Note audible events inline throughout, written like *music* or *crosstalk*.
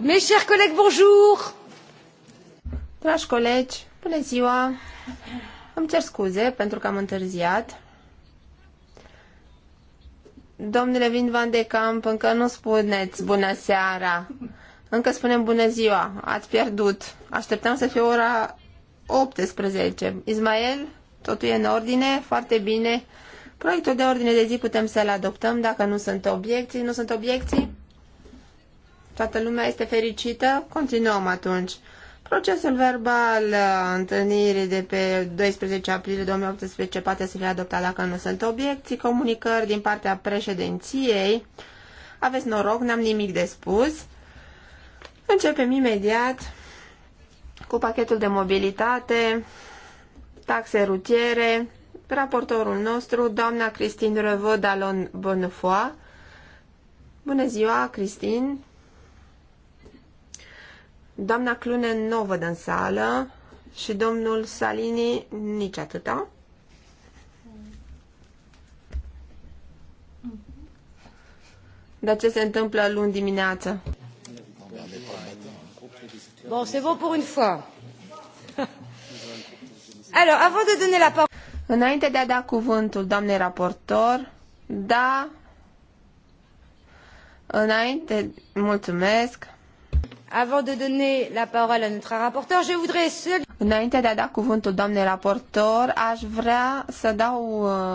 Mes chers collègues, bonjour. Dragi colegi, bună ziua. Îmi cer scuze pentru că am întârziat. Domnule Vin Van de Camp, încă nu spuneți bună seara. Încă spunem bună ziua. Ați pierdut. Așteptam să fie ora 18. Ismael, totul e în ordine, foarte bine. Proiectul de ordine de zi putem să-l adoptăm dacă nu sunt obiecții. Nu sunt obiecții? Toată lumea este fericită? Continuăm atunci. Procesul verbal întâlnirii de pe 12 aprilie 2018 poate să fie adoptat dacă nu sunt obiecții, comunicări din partea președinției. Aveți noroc, n-am nimic de spus. Începem imediat cu pachetul de mobilitate, taxe rutiere, raportorul nostru, doamna Cristin Revaux d'Alon Bonnefoy. Bună ziua, Cristin! Doamna Clune nu o văd în sală și domnul Salini nici atâta. Dar ce se întâmplă luni dimineață? Bon, c'est bon pour une fois. Alors, avant de donner la parole... Înainte de a da cuvântul doamnei raportor, da, înainte, mulțumesc. Avant de donner la parole à notre rapporteur, je voudrais seul... Înainte de a da cuvântul doamnei raportor, aș vrea să dau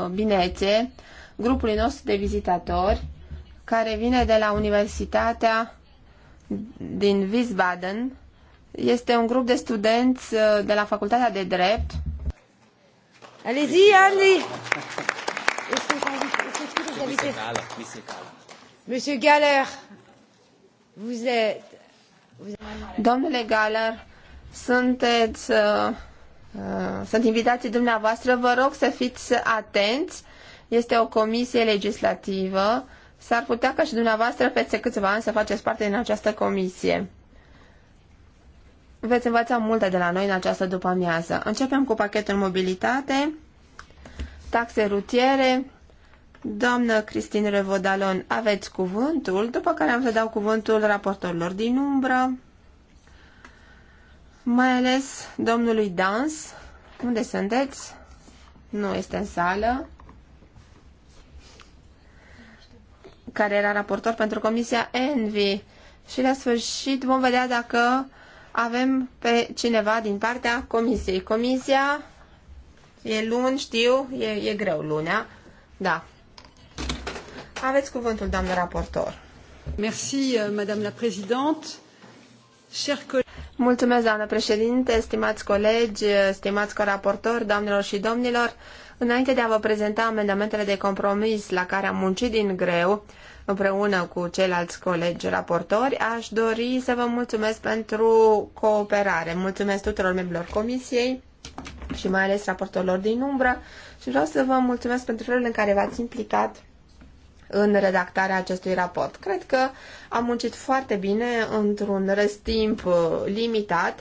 uh, binețe grupului nostru de vizitatori care vine de la Universitatea din Wiesbaden, este un grup de studenți uh, de la Facultatea de Drept. Allez-y, Andy! Monsieur Galler, vous êtes... Domnule Galler, sunteți, uh, uh, sunt invitații dumneavoastră. Vă rog să fiți atenți. Este o comisie legislativă. S-ar putea ca și dumneavoastră peste câțiva ani să faceți parte din această comisie. Veți învăța multe de la noi în această după-amiază. Începem cu pachetul mobilitate, taxe rutiere. Doamnă Cristin Revodalon, aveți cuvântul, după care am să dau cuvântul raportorilor din umbră, mai ales domnului Dans. Unde sunteți? Nu este în sală. Care era raportor pentru Comisia Envi. Și la sfârșit vom vedea dacă avem pe cineva din partea comisiei. Comisia e luni, știu, e, e greu lunea. Da. Aveți cuvântul, doamnă raportor. Merci, euh, madame la présidente. Chers Mulțumesc, doamnă președinte, stimați colegi, stimați coraportori, doamnelor și domnilor. Înainte de a vă prezenta amendamentele de compromis la care am muncit din greu, împreună cu ceilalți colegi raportori, aș dori să vă mulțumesc pentru cooperare. Mulțumesc tuturor membrilor comisiei și mai ales raportorilor din umbră și vreau să vă mulțumesc pentru felul în care v-ați implicat în redactarea acestui raport. Cred că am muncit foarte bine într-un răstimp uh, limitat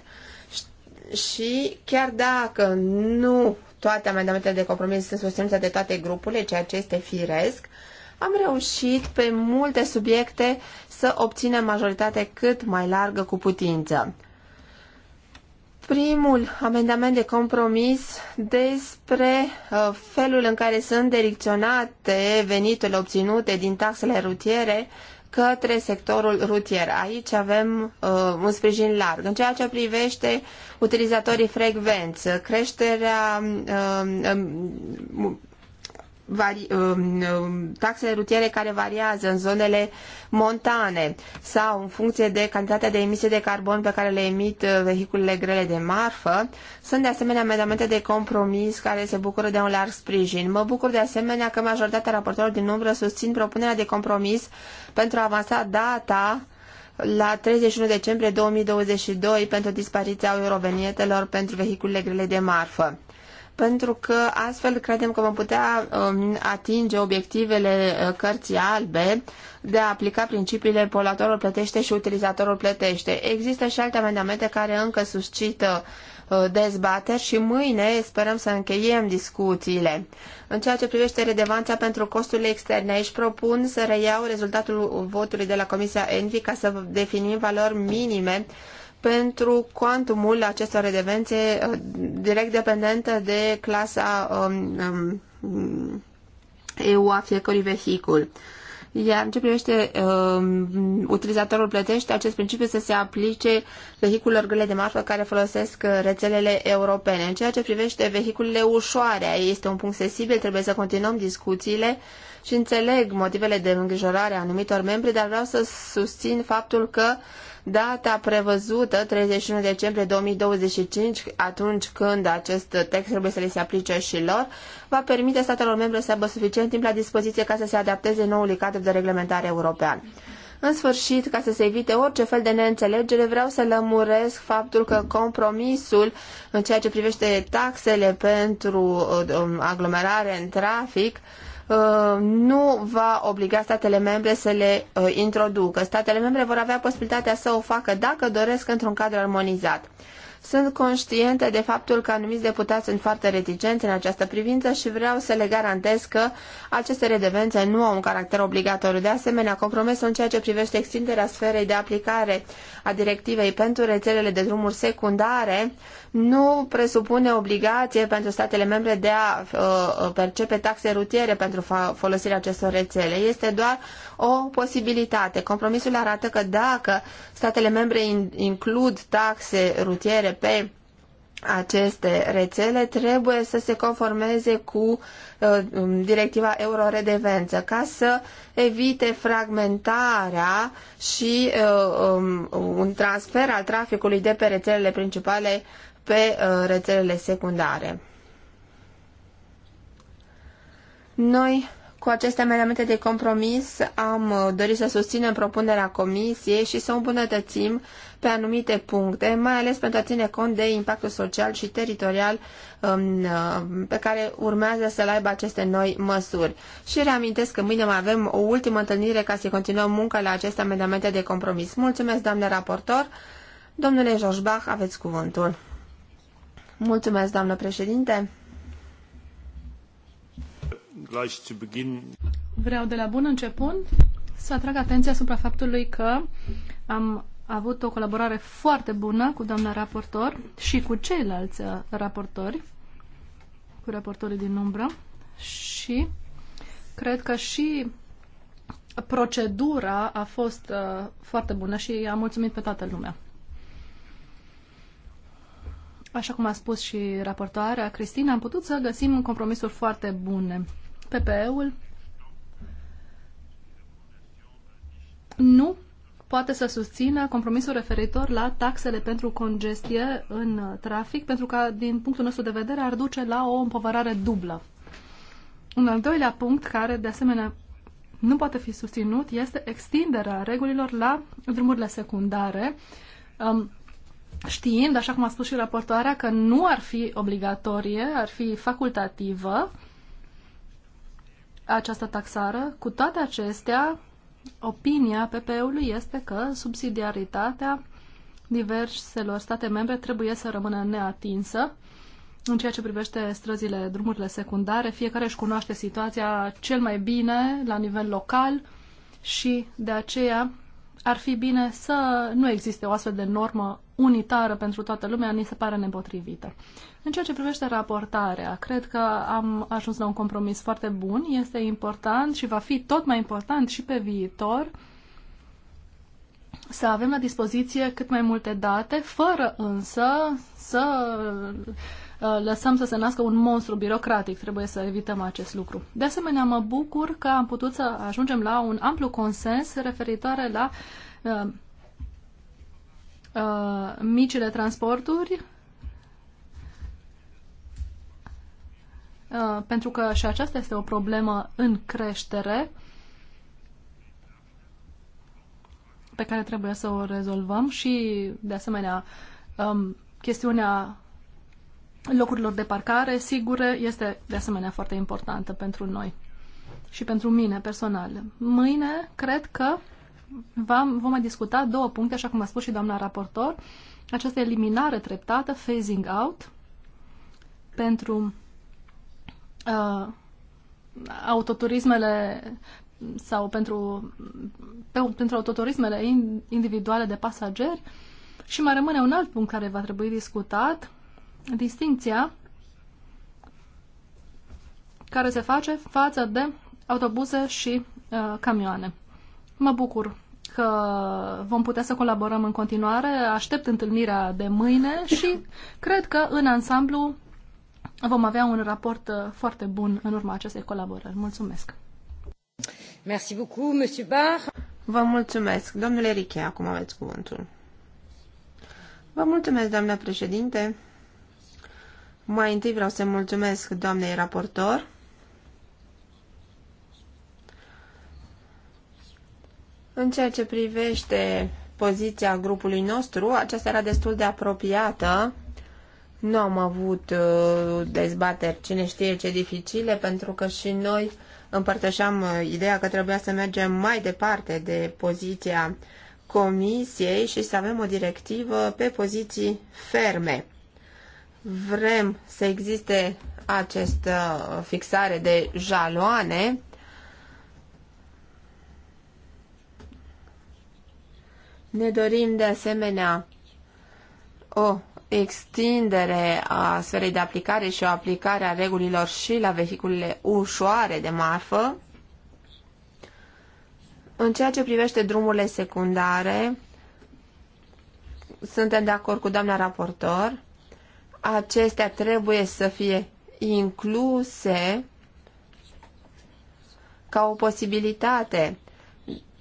și chiar dacă nu toate amendamentele de compromis sunt susținute de toate grupurile, ceea ce este firesc, am reușit pe multe subiecte să obținem majoritate cât mai largă cu putință. Primul amendament de compromis despre uh, felul în care sunt direcționate veniturile obținute din taxele rutiere către sectorul rutier. Aici avem uh, un sprijin larg. În ceea ce privește utilizatorii frecvenți, creșterea uh, um, vari, um, um, taxele rutiere care variază în zonele montane sau în funcție de cantitatea de emisie de carbon pe care le emit uh, vehiculele grele de marfă. Sunt de asemenea amendamente de compromis care se bucură de un larg sprijin. Mă bucur de asemenea că majoritatea raportorilor din umbră susțin propunerea de compromis pentru a avansa data la 31 decembrie 2022 pentru dispariția eurovenietelor pentru vehiculele grele de marfă pentru că astfel credem că vom putea um, atinge obiectivele uh, cărții albe de a aplica principiile poluatorul plătește și utilizatorul plătește. Există și alte amendamente care încă suscită uh, dezbateri și mâine sperăm să încheiem discuțiile. În ceea ce privește relevanța pentru costurile externe, aici propun să reiau rezultatul votului de la Comisia Envi ca să definim valori minime pentru cuantumul acestor redevențe uh, direct dependentă de clasa um, um, EU a fiecărui vehicul. Iar în ce privește um, utilizatorul plătește, acest principiu să se aplice vehiculelor grele de marfă care folosesc uh, rețelele europene. În ceea ce privește vehiculele ușoare, este un punct sensibil, trebuie să continuăm discuțiile și înțeleg motivele de îngrijorare a anumitor membri, dar vreau să susțin faptul că data prevăzută, 31 decembrie 2025, atunci când acest text trebuie să le se aplice și lor, va permite statelor membre să aibă suficient timp la dispoziție ca să se adapteze noului cadru de reglementare european. În sfârșit, ca să se evite orice fel de neînțelegere, vreau să lămuresc faptul că compromisul în ceea ce privește taxele pentru uh, um, aglomerare în trafic Uh, nu va obliga statele membre să le uh, introducă. Statele membre vor avea posibilitatea să o facă dacă doresc într-un cadru armonizat. Sunt conștientă de faptul că anumiți deputați sunt foarte reticenți în această privință și vreau să le garantez că aceste redevențe nu au un caracter obligatoriu. De asemenea, compromisul în ceea ce privește extinderea sferei de aplicare a directivei pentru rețelele de drumuri secundare nu presupune obligație pentru statele membre de a uh, percepe taxe rutiere pentru folosirea acestor rețele. Este doar o posibilitate. Compromisul arată că dacă statele membre includ taxe rutiere pe aceste rețele trebuie să se conformeze cu uh, um, directiva euroredevență ca să evite fragmentarea și uh, um, un transfer al traficului de pe rețelele principale pe uh, rețelele secundare. Noi, cu aceste amendamente de compromis, am uh, dorit să susținem propunerea comisiei și să o îmbunătățim pe anumite puncte, mai ales pentru a ține cont de impactul social și teritorial um, uh, pe care urmează să-l aibă aceste noi măsuri. Și reamintesc că mâine mai avem o ultimă întâlnire ca să continuăm munca la aceste amendamente de compromis. Mulțumesc, doamne raportor! Domnule Joșbach, aveți cuvântul. Mulțumesc, doamnă președinte. Vreau de la bun început să atrag atenția asupra faptului că am avut o colaborare foarte bună cu doamna raportor și cu ceilalți uh, raportori, cu raportorii din umbră și cred că și procedura a fost uh, foarte bună și am mulțumit pe toată lumea așa cum a spus și raportoarea Cristina, am putut să găsim compromisuri foarte bune. PPE-ul nu poate să susțină compromisul referitor la taxele pentru congestie în trafic, pentru că, din punctul nostru de vedere, ar duce la o împovărare dublă. Un al doilea punct care, de asemenea, nu poate fi susținut este extinderea regulilor la drumurile secundare. Um, știind, așa cum a spus și raportoarea, că nu ar fi obligatorie, ar fi facultativă această taxară, cu toate acestea, opinia PP-ului este că subsidiaritatea diverselor state membre trebuie să rămână neatinsă. În ceea ce privește străzile, drumurile secundare, fiecare își cunoaște situația cel mai bine la nivel local și de aceea ar fi bine să nu existe o astfel de normă unitară pentru toată lumea, ni se pare nepotrivită. În ceea ce privește raportarea, cred că am ajuns la un compromis foarte bun, este important și va fi tot mai important și pe viitor să avem la dispoziție cât mai multe date, fără însă să Uh, lăsăm să se nască un monstru birocratic. Trebuie să evităm acest lucru. De asemenea, mă bucur că am putut să ajungem la un amplu consens referitoare la uh, uh, micile transporturi, uh, pentru că și aceasta este o problemă în creștere pe care trebuie să o rezolvăm și, de asemenea, um, chestiunea locurilor de parcare sigure este de asemenea foarte importantă pentru noi și pentru mine personal. Mâine cred că vom, vom mai discuta două puncte, așa cum a spus și doamna raportor, această eliminare treptată, phasing out, pentru uh, autoturismele sau pentru, pe, pentru autoturismele individuale de pasageri și mai rămâne un alt punct care va trebui discutat, distinția care se face față de autobuze și uh, camioane. Mă bucur că vom putea să colaborăm în continuare, aștept întâlnirea de mâine și cred că în ansamblu vom avea un raport uh, foarte bun în urma acestei colaborări. Mulțumesc! Merci beaucoup, Monsieur Bar. Vă mulțumesc. Domnule Riche, acum aveți cuvântul. Vă mulțumesc, doamna președinte. Mai întâi vreau să mulțumesc doamnei raportor. În ceea ce privește poziția grupului nostru, aceasta era destul de apropiată. Nu am avut uh, dezbateri cine știe ce dificile, pentru că și noi împărtășeam uh, ideea că trebuia să mergem mai departe de poziția comisiei și să avem o directivă pe poziții ferme vrem să existe această fixare de jaloane, ne dorim de asemenea o extindere a sferei de aplicare și o aplicare a regulilor și la vehiculele ușoare de marfă. În ceea ce privește drumurile secundare, suntem de acord cu doamna raportor acestea trebuie să fie incluse ca o posibilitate.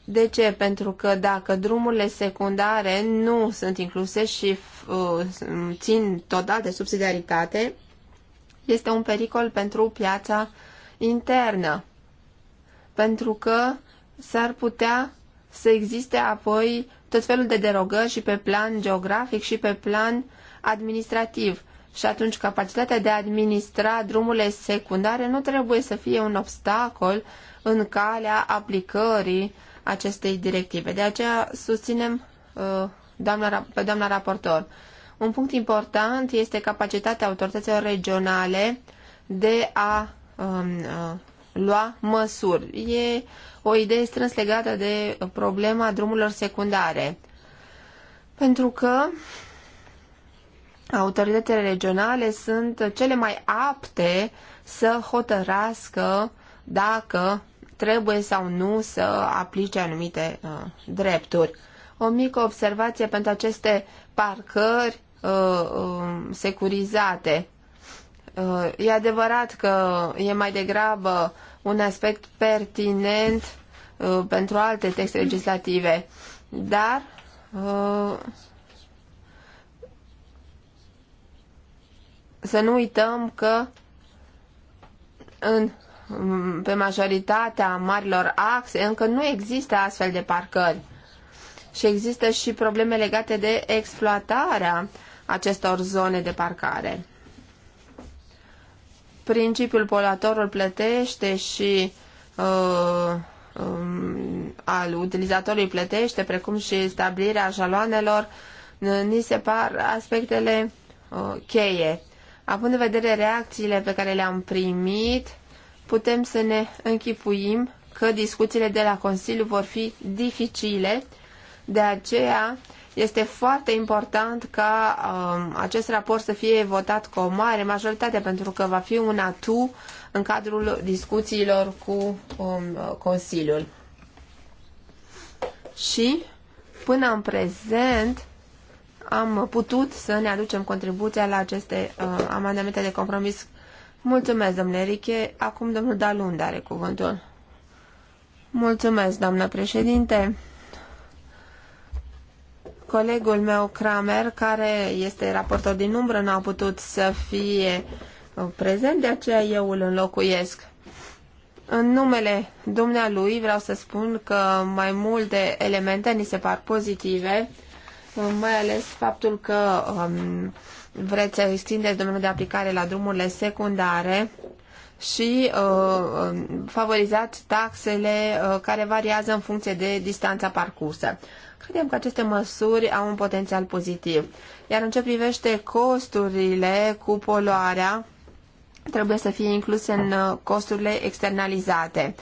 De ce? Pentru că dacă drumurile secundare nu sunt incluse și uh, țin total de subsidiaritate, este un pericol pentru piața internă. Pentru că s-ar putea să existe apoi tot felul de derogări și pe plan geografic și pe plan uh, administrativ și atunci capacitatea de a administra drumurile secundare nu trebuie să fie un obstacol în calea aplicării acestei directive. De aceea susținem uh, doamna, pe doamna raportor. Un punct important este capacitatea autorităților regionale de a um, uh, lua măsuri. E o idee strâns legată de problema drumurilor secundare. Pentru că autoritățile regionale sunt cele mai apte să hotărască dacă trebuie sau nu să aplice anumite uh, drepturi. O mică observație pentru aceste parcări uh, uh, securizate. Uh, e adevărat că e mai degrabă un aspect pertinent uh, pentru alte texte legislative, dar uh, să nu uităm că în, pe majoritatea marilor axe încă nu există astfel de parcări și există și probleme legate de exploatarea acestor zone de parcare. Principiul polatorul plătește și uh, um, al utilizatorului plătește, precum și stabilirea jaloanelor, ni se par aspectele uh, cheie Având în vedere reacțiile pe care le-am primit, putem să ne închipuim că discuțiile de la Consiliu vor fi dificile, de aceea este foarte important ca um, acest raport să fie votat cu o mare majoritate, pentru că va fi un atu în cadrul discuțiilor cu um, Consiliul. Și, până în prezent, am putut să ne aducem contribuția la aceste uh, amendamente de compromis. Mulțumesc, domnule Riche. Acum domnul Dalunde are cuvântul. Mulțumesc, doamnă președinte. Colegul meu, Kramer, care este raportor din umbră, nu a putut să fie uh, prezent, de aceea eu îl înlocuiesc. În numele dumnealui vreau să spun că mai multe elemente ni se par pozitive mai ales faptul că um, vreți să extindeți domeniul de aplicare la drumurile secundare și uh, um, favorizați taxele uh, care variază în funcție de distanța parcursă. Credem că aceste măsuri au un potențial pozitiv. Iar în ce privește costurile cu poluarea, trebuie să fie incluse în uh, costurile externalizate.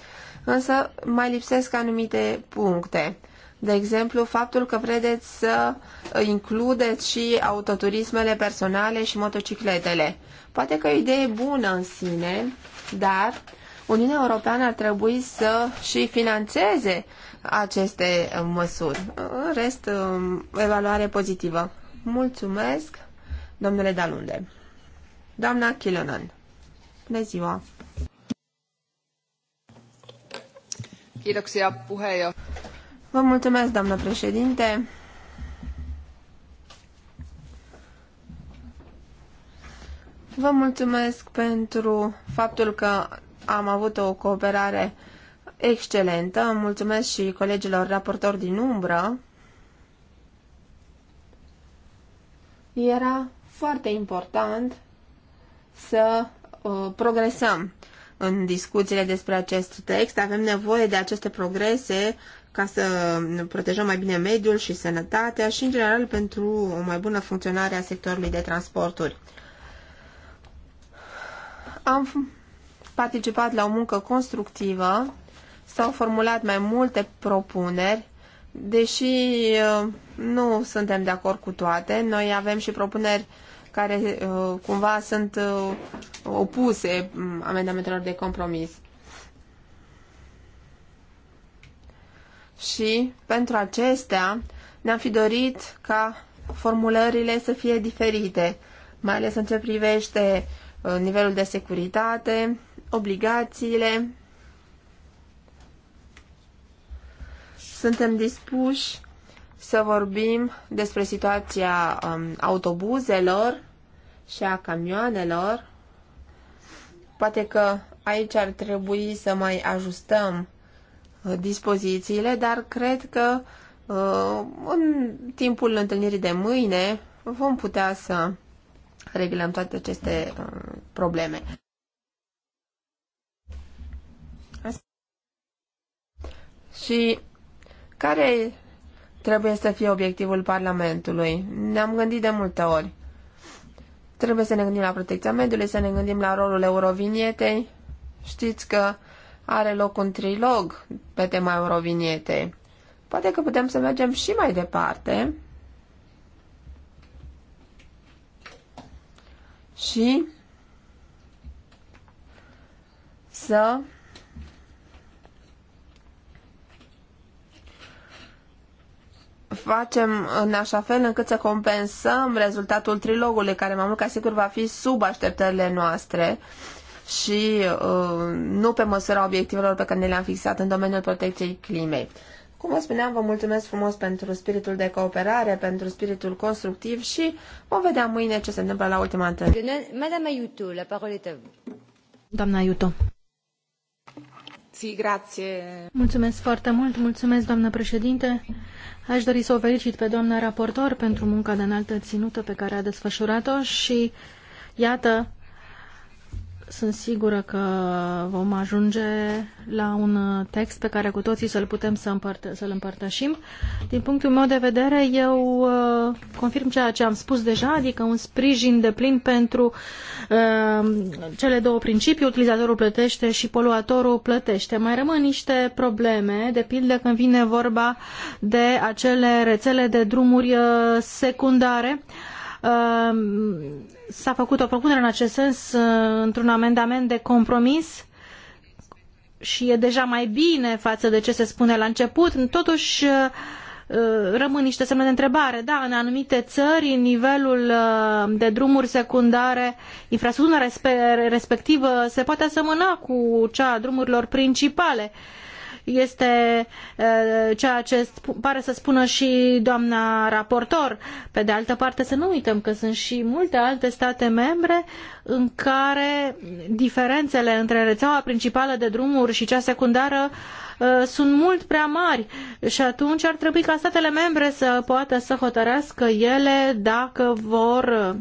Însă mai lipsesc anumite puncte. De exemplu, faptul că vreți să uh, includeți și autoturismele personale și motocicletele. Poate că o idee bună în sine, dar Uniunea Europeană ar trebui să și financeze aceste uh, măsuri. În rest, um, evaluare pozitivă. Mulțumesc, domnule Dalunde. Doamna Chilonan. Bună ziua! Kiitoksia puheenjohtaja. Vă mulțumesc, doamnă președinte. Vă mulțumesc pentru faptul că am avut o cooperare excelentă. Mulțumesc și colegilor raportori din umbră. Era foarte important să uh, progresăm în discuțiile despre acest text. Avem nevoie de aceste progrese ca să protejăm mai bine mediul și sănătatea și, în general, pentru o mai bună funcționare a sectorului de transporturi. Am participat la o muncă constructivă, s-au formulat mai multe propuneri, deși uh, nu suntem de acord cu toate. Noi avem și propuneri care uh, cumva sunt uh, opuse mm, amendamentelor de compromis. și pentru acestea ne-am fi dorit ca formulările să fie diferite, mai ales în ce privește uh, nivelul de securitate, obligațiile. Suntem dispuși să vorbim despre situația um, autobuzelor și a camioanelor. Poate că aici ar trebui să mai ajustăm dispozițiile, dar cred că uh, în timpul întâlnirii de mâine vom putea să reglăm toate aceste uh, probleme. Și care trebuie să fie obiectivul Parlamentului? Ne-am gândit de multe ori. Trebuie să ne gândim la protecția mediului, să ne gândim la rolul eurovinietei. Știți că are loc un trilog pe tema Eurovinietei. Poate că putem să mergem și mai departe și să facem în așa fel încât să compensăm rezultatul trilogului, care mai mult ca sigur va fi sub așteptările noastre și uh, nu pe măsura obiectivelor pe care ne le-am fixat în domeniul protecției climei. Cum vă spuneam, vă mulțumesc frumos pentru spiritul de cooperare, pentru spiritul constructiv și vom vedea mâine ce se întâmplă la ultima întâlnire. la Doamna Aiuto. Si, grație. Mulțumesc foarte mult, mulțumesc doamnă președinte. Aș dori să o felicit pe doamna raportor pentru munca de înaltă ținută pe care a desfășurat-o și iată, sunt sigură că vom ajunge la un text pe care cu toții să-l putem să împărtă- să împărtășim. Din punctul meu de vedere, eu uh, confirm ceea ce am spus deja, adică un sprijin de plin pentru uh, cele două principii, utilizatorul plătește și poluatorul plătește. Mai rămân niște probleme, de pildă când vine vorba de acele rețele de drumuri uh, secundare. Uh, Ehm, s-a făcut o propunere în acest sens uh, într-un amendament de compromis și e deja mai bine față de ce se spune la început. Totuși, uh, uh, rămân niște semne de întrebare. Da, în anumite țări nivelul de drumuri secundare, infrastructura respectivă se poate asemăna cu cea a drumurilor principale. Uh, este ceea ce pare să spună și doamna raportor. Pe de altă parte să nu uităm că sunt și multe alte state membre în care diferențele între rețeaua principală de drumuri și cea secundară sunt mult prea mari și atunci ar trebui ca statele membre să poată să hotărească ele dacă vor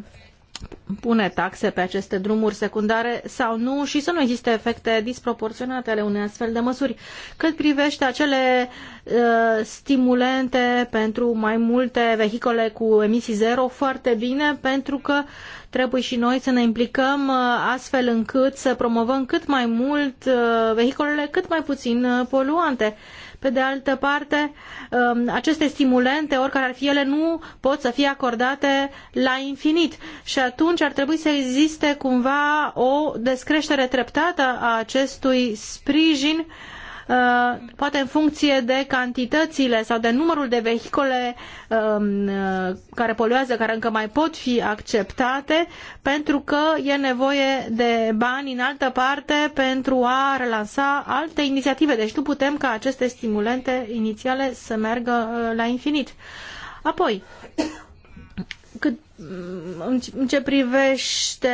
pune taxe pe aceste drumuri secundare sau nu și să nu existe efecte disproporționate ale unei astfel de măsuri. Cât privește acele uh, stimulente pentru mai multe vehicole cu emisii zero, foarte bine, pentru că trebuie și noi să ne implicăm uh, astfel încât să promovăm cât mai mult uh, vehicolele cât mai puțin uh, poluante. Uh, pe de altă parte, um, aceste stimulente, oricare ar fi ele, nu pot să fie acordate la infinit și atunci ar trebui să existe cumva o descreștere treptată a acestui sprijin Uh, poate în funcție de cantitățile sau de numărul de vehicole um, uh, care poluează, care încă mai pot fi acceptate, pentru că e nevoie de bani în altă parte pentru a relansa alte inițiative. Deci nu putem ca aceste stimulente inițiale să meargă uh, la infinit. Apoi, cât, în ce privește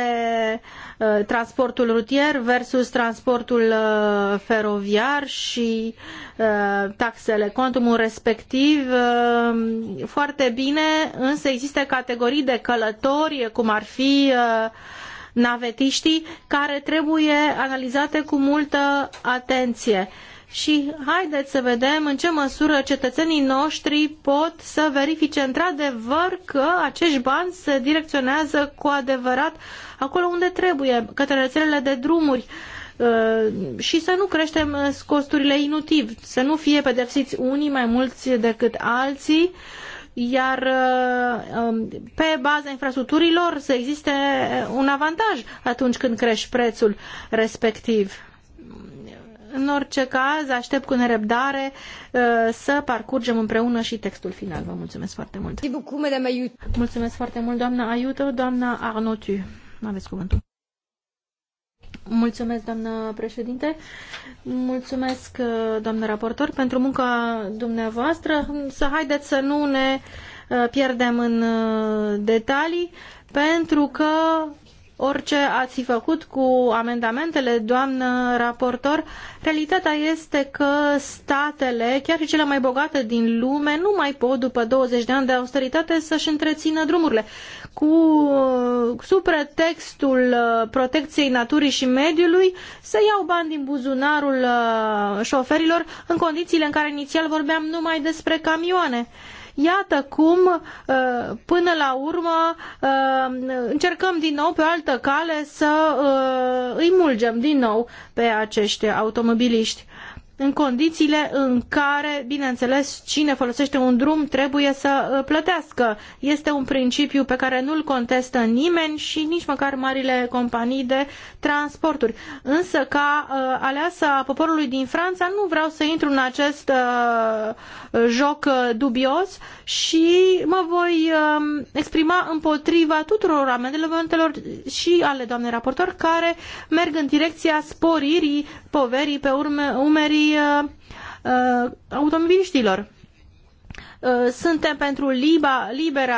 uh, transportul rutier versus transportul uh, feroviar și uh, taxele, contumul respectiv, foarte bine, însă există categorii de călători, cum ar fi navetiștii, care trebuie analizate cu multă atenție și haideți să vedem în ce măsură cetățenii noștri pot să verifice într-adevăr că acești bani se direcționează cu adevărat acolo unde trebuie, către rețelele de drumuri uh, și să nu creștem uh, costurile inutiv, să nu fie pedepsiți unii mai mulți decât alții, iar uh, um, pe baza infrastructurilor să existe un avantaj atunci când crești prețul respectiv. În orice caz, aștept cu nerăbdare uh, să parcurgem împreună și textul final. Vă mulțumesc foarte mult. Mulțumesc foarte mult, doamna Aiuto, doamna Arnotu. Aveți cuvântul. Mulțumesc, doamnă președinte. Mulțumesc, uh, doamnă raportor, pentru munca dumneavoastră. Să haideți să nu ne uh, pierdem în detalii, pentru că orice ați fi făcut cu amendamentele, doamnă raportor, realitatea este că statele, chiar și cele mai bogate din lume, nu mai pot, după 20 de ani de austeritate, să-și întrețină drumurile. Cu uh, sub pretextul uh, protecției naturii și mediului, să iau bani din buzunarul uh, șoferilor în condițiile în care inițial vorbeam numai despre camioane. Iată cum, uh, până la urmă, uh, încercăm din nou pe o altă cale să uh, îi mulgem din nou pe acești automobiliști în condițiile în care, bineînțeles, cine folosește un drum trebuie să uh, plătească. Este un principiu pe care nu-l contestă nimeni și nici măcar marile companii de transporturi. Însă, ca uh, aleasă a poporului din Franța, nu vreau să intru în acest uh, joc uh, dubios și mă voi uh, exprima împotriva tuturor amendamentelor și ale doamnei raportor care merg în direcția sporirii poverii pe urme, umerii uh, uh automobiliștilor. Uh, suntem pentru liba, libera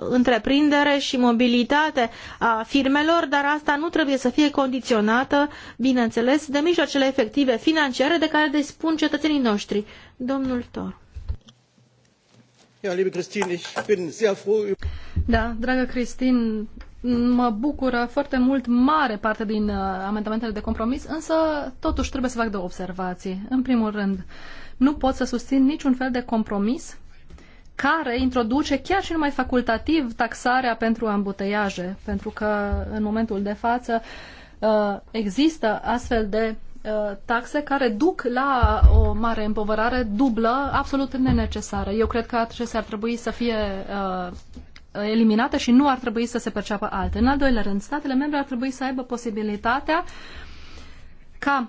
întreprindere și mobilitate a firmelor, dar asta nu trebuie să fie condiționată, bineînțeles, de mijloacele efective financiare de care dispun cetățenii noștri. Domnul Tor. Da, dragă Cristin, mă bucură foarte mult mare parte din uh, amendamentele de compromis, însă totuși trebuie să fac două observații. În primul rând, nu pot să susțin niciun fel de compromis care introduce chiar și numai facultativ taxarea pentru ambuteiaje, pentru că în momentul de față uh, există astfel de uh, taxe care duc la o mare împovărare dublă, absolut nenecesară. Eu cred că acestea ar trebui să fie uh, eliminată și nu ar trebui să se perceapă alte. În al doilea rând, statele membre ar trebui să aibă posibilitatea ca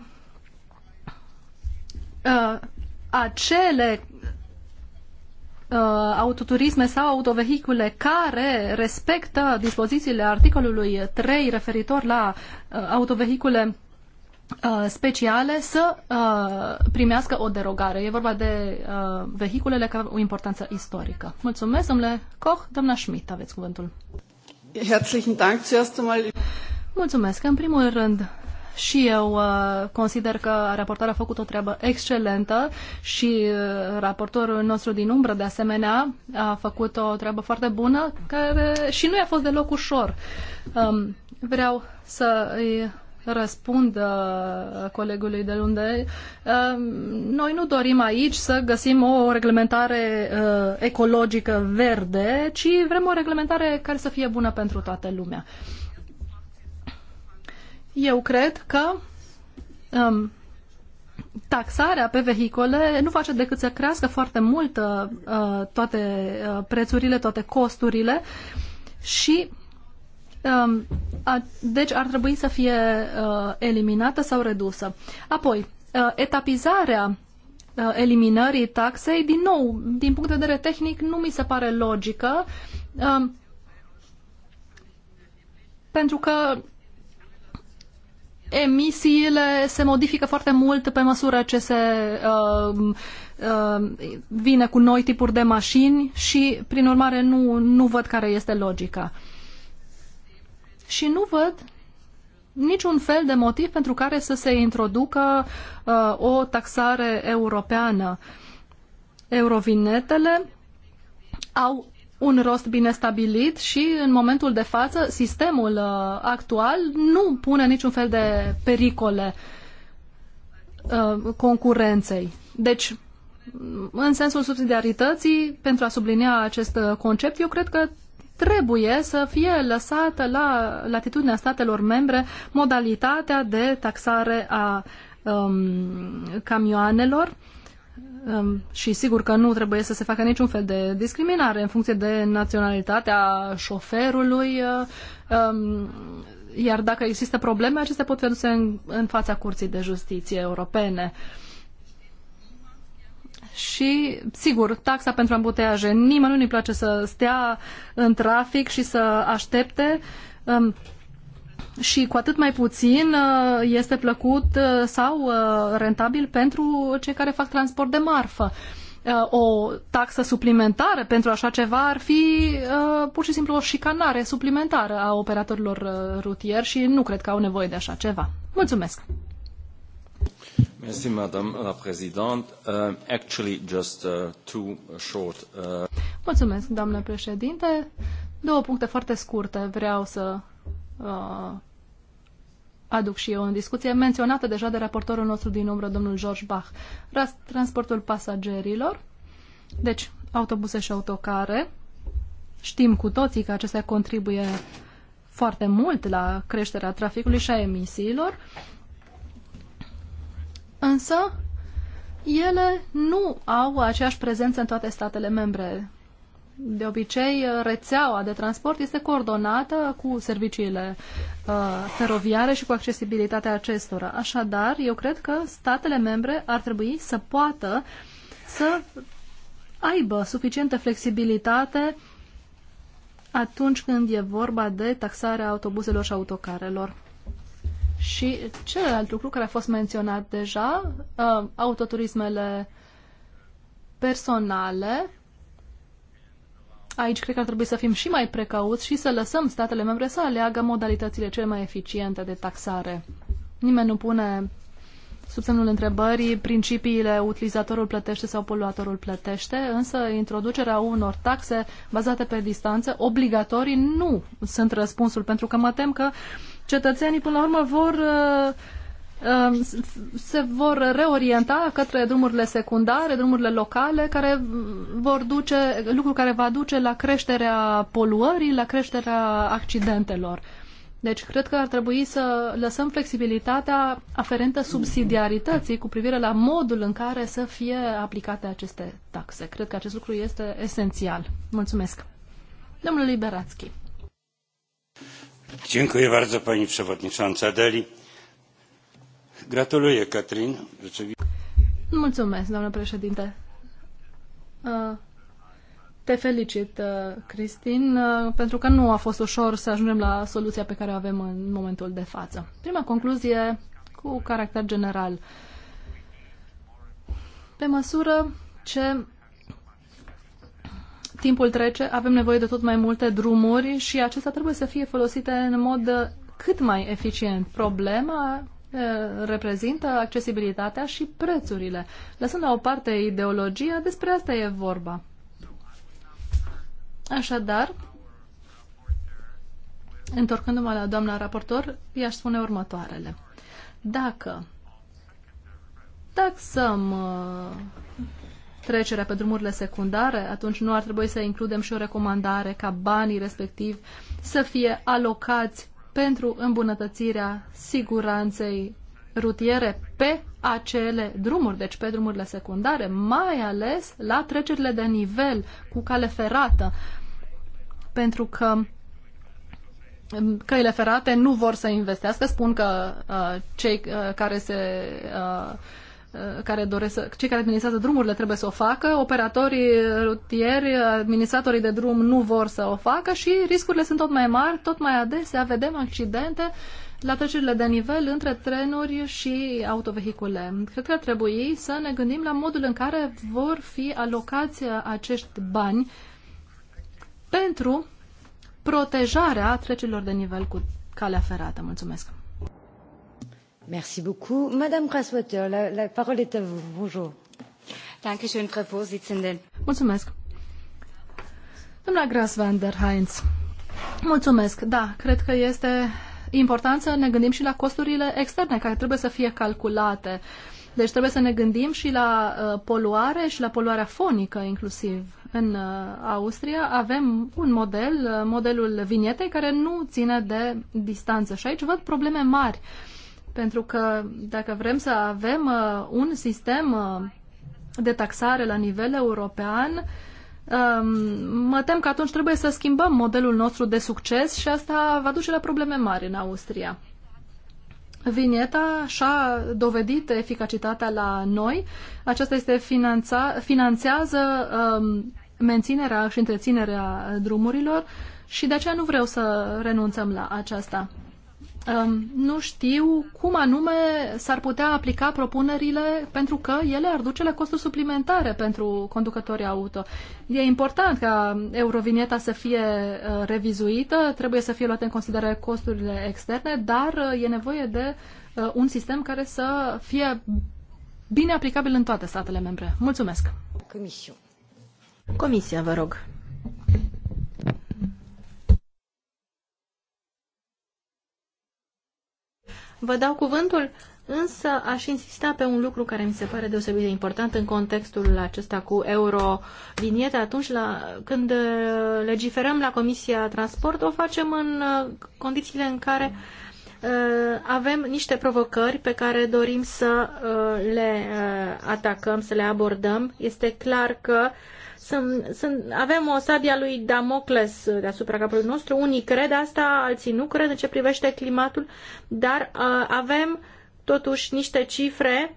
uh, acele uh, autoturisme sau autovehicule care respectă dispozițiile articolului 3 referitor la uh, autovehicule Uh, speciale să uh, primească o derogare. E vorba de uh, vehiculele care au o importanță istorică. Mulțumesc, domnule Koch. Doamna Schmidt, aveți cuvântul. Herzlichen Dank zuerst einmal. Mulțumesc. În primul rând, și eu uh, consider că raportarea a făcut o treabă excelentă și uh, raportorul nostru din umbră, de asemenea, a făcut o treabă foarte bună care și nu i-a fost deloc ușor. Um, vreau să îi răspund uh, colegului de unde. Uh, noi nu dorim aici să găsim o reglementare uh, ecologică verde, ci vrem o reglementare care să fie bună pentru toată lumea. Eu cred că um, taxarea pe vehicole nu face decât să crească foarte mult uh, toate uh, prețurile, toate costurile și Um, deci ar trebui să fie uh, eliminată sau redusă. Apoi, uh, etapizarea uh, eliminării taxei, din nou, din punct de vedere tehnic, nu mi se pare logică, um, pentru că emisiile se modifică foarte mult pe măsură ce se uh, uh, vine cu noi tipuri de mașini și, prin urmare, nu, nu văd care este logica și nu văd niciun fel de motiv pentru care să se introducă uh, o taxare europeană. Eurovinetele au un rost bine stabilit și în momentul de față sistemul uh, actual nu pune niciun fel de pericole uh, concurenței. Deci, în sensul subsidiarității, pentru a sublinia acest uh, concept, eu cred că trebuie să fie lăsată la latitudinea statelor membre modalitatea de taxare a um, camioanelor um, și sigur că nu trebuie să se facă niciun fel de discriminare în funcție de naționalitatea șoferului, um, iar dacă există probleme, acestea pot fi aduse în, în fața Curții de Justiție Europene. Uh, și, sigur, taxa pentru ambuteiaje. Nimănui nu-i place să stea în trafic și să aștepte. Um, și cu atât mai puțin uh, este plăcut uh, sau uh, rentabil pentru cei care fac transport de marfă. O taxă suplimentară pentru așa ceva ar fi pur și simplu o șicanare suplimentară a operatorilor rutieri și nu cred că au nevoie de așa ceva. Mulțumesc! Euh, uh, uh, Mulțumesc, doamnă președinte. Două puncte foarte scurte vreau să uh, aduc și eu în discuție, menționată deja de raportorul nostru din umbră, domnul George Bach. Transportul pasagerilor, deci autobuse și autocare. Știm cu toții că acestea contribuie foarte mult la creșterea traficului și a emisiilor însă ele nu au aceeași prezență în toate statele membre. De obicei, rețeaua de transport este coordonată cu serviciile uh, feroviare și cu accesibilitatea acestora. Așadar, eu cred că statele membre ar trebui să poată să aibă suficientă flexibilitate atunci când e vorba de taxarea autobuzelor și autocarelor. Și celălalt lucru care a fost menționat deja, uh, autoturismele personale, aici cred că ar trebui să fim și mai precauți și să lăsăm statele membre să aleagă modalitățile cele mai eficiente de taxare. Nimeni nu pune sub semnul întrebării principiile utilizatorul plătește sau poluatorul plătește, însă introducerea unor taxe bazate pe distanță obligatorii nu sunt răspunsul, pentru că mă tem că cetățenii până la urmă vor uh, um, se vor reorienta către drumurile secundare, drumurile locale, care vor duce, lucru care va duce la creșterea poluării, la creșterea accidentelor. Deci, cred că ar trebui să lăsăm flexibilitatea aferentă subsidiarității cu privire la modul în care să fie aplicate aceste taxe. Cred că acest lucru este esențial. Mulțumesc. Domnul Liberațchi. Dziękuję bardzo pani przewodnicząca Deli. Gratuluję Catrin. Mulțumesc, doamnă președinte. Te felicit, Cristin, pentru că nu a fost ușor să ajungem la soluția pe care o avem în momentul de față. Prima concluzie cu caracter general. Pe măsură ce timpul trece, avem nevoie de tot mai multe drumuri și acestea trebuie să fie folosite în mod uh, cât mai eficient. Problema uh, reprezintă accesibilitatea și prețurile. Lăsând la o parte ideologia, despre asta e vorba. Așadar, întorcându-mă la doamna raportor, i-aș spune următoarele. Dacă taxăm uh, trecerea pe drumurile secundare, atunci nu ar trebui să includem și o recomandare ca banii respectiv să fie alocați pentru îmbunătățirea siguranței rutiere pe acele drumuri, deci pe drumurile secundare, mai ales la trecerile de nivel cu cale ferată, pentru că mm, căile ferate nu vor să investească, spun că uh, cei uh, care se uh, Uh, care doresc să, cei care administrează drumurile trebuie să o facă, operatorii rutieri, administratorii de drum nu vor să o facă și riscurile sunt tot mai mari, tot mai adesea vedem accidente la trecerile de nivel între trenuri și autovehicule. Cred că ar trebui să ne gândim la modul în care vor fi alocați acești bani pentru protejarea trecerilor de nivel cu calea ferată. Mulțumesc! Domnule Mulțumesc. Gras van der Heinz, mulțumesc. Da, cred că este important să ne gândim și la costurile externe care trebuie să fie calculate. Deci trebuie să ne gândim și la uh, poluare și la poluarea fonică inclusiv. În uh, Austria avem un model, uh, modelul vinietei, care nu ține de distanță și aici văd probleme mari. Uh, pentru că dacă vrem să avem uh, un sistem uh, de taxare la nivel european, um, mă tem că atunci trebuie să schimbăm modelul nostru de succes și asta va duce la probleme mari în Austria. Vinieta și-a dovedit eficacitatea la noi. Aceasta este finanța, finanțează um, menținerea și întreținerea drumurilor și de aceea nu vreau să renunțăm la aceasta nu știu cum anume s-ar putea aplica propunerile pentru că ele ar duce la costuri suplimentare pentru conducătorii auto. E important ca Eurovinieta să fie uh, revizuită, trebuie să fie luate în considerare costurile externe, dar uh, e nevoie de uh, un sistem care să fie bine aplicabil în toate statele membre. Mulțumesc! Comisia. Comisia, vă rog. Vă dau cuvântul, însă aș insista pe un lucru care mi se pare deosebit de important în contextul acesta cu eurovinieta. Atunci la, când uh, legiferăm la Comisia Transport, o facem în uh, condițiile în care uh, Uh, avem niște provocări pe care dorim să uh, le uh, atacăm, să le abordăm. Este clar că sunt, sunt, avem o sabia lui Damocles deasupra capului nostru. Unii cred asta, alții nu cred în ce privește climatul, dar avem totuși niște cifre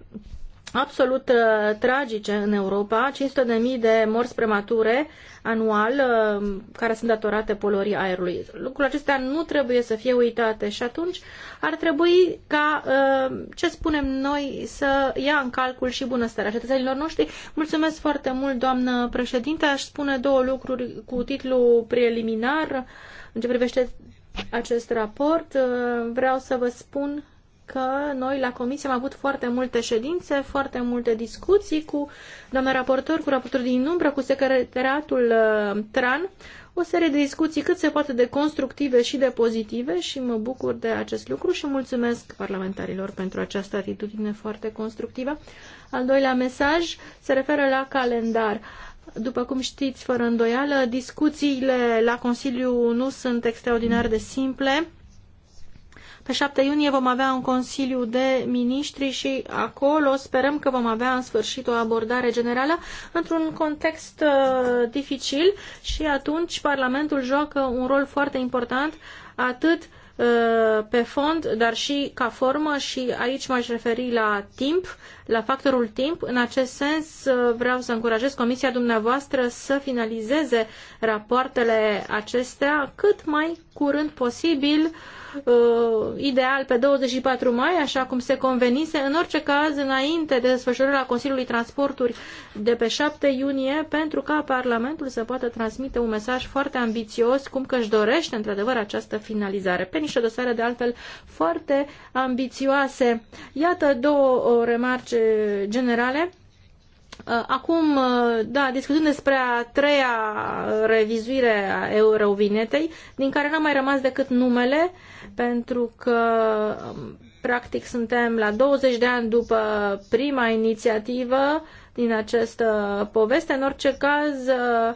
absolut uh, tragice în Europa, 500.000 de morți premature anual uh, care sunt datorate polorii aerului. Lucrurile acestea nu trebuie să fie uitate și atunci ar trebui ca uh, ce spunem noi să ia în calcul și bunăstarea cetățenilor noștri. Mulțumesc foarte mult, doamnă președinte. Aș spune două lucruri cu titlu preliminar în ce privește acest raport. Uh, vreau să vă spun că noi la comisie am avut foarte multe ședințe, foarte multe discuții cu doamna raportor, cu raportorul din umbră, cu secretariatul uh, TRAN, o serie de discuții cât se poate de constructive și de pozitive și mă bucur de acest lucru și mulțumesc parlamentarilor pentru această atitudine foarte constructivă. Al doilea mesaj se referă la calendar. După cum știți, fără îndoială, discuțiile la Consiliu nu sunt extraordinar de simple pe 7 iunie vom avea un Consiliu de Ministri și acolo sperăm că vom avea în sfârșit o abordare generală într-un context uh, dificil și atunci Parlamentul joacă un rol foarte important atât uh, pe fond, dar și ca formă și aici m-aș referi la timp, la factorul timp. În acest sens uh, vreau să încurajez Comisia dumneavoastră să finalizeze rapoartele acestea cât mai curând posibil uh, uh, ideal pe 24 mai, așa cum se convenise, în orice caz înainte de desfășurarea Consiliului Transporturi de pe 7 iunie, pentru ca Parlamentul să poată transmite un mesaj foarte ambițios, cum că își dorește într-adevăr această finalizare, pe niște dosare de altfel foarte ambițioase. Iată două uh, remarce generale. Uh, acum, uh, da, discutând despre a treia revizuire a eurovinetei, din care n-a mai rămas decât numele, pentru că um, practic suntem la 20 de ani după prima inițiativă din această poveste. În orice caz, uh,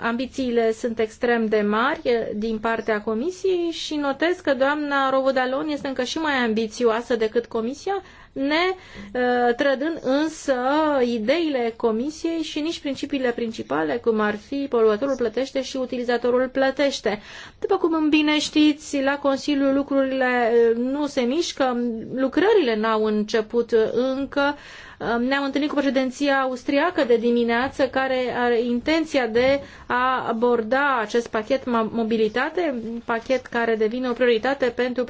ambițiile sunt extrem de mari uh, din partea comisiei și notez că doamna Rovodalon este încă și mai ambițioasă decât comisia, ne uh, trădând însă ideile comisiei și nici principiile principale, cum ar fi poluatorul plătește și utilizatorul plătește. După cum bine știți, la Consiliu lucrurile uh, nu se mișcă, lucrările n-au început încă. Uh, ne-am întâlnit cu președinția austriacă de dimineață, care are intenția de a aborda acest pachet mobilitate, pachet care devine o prioritate pentru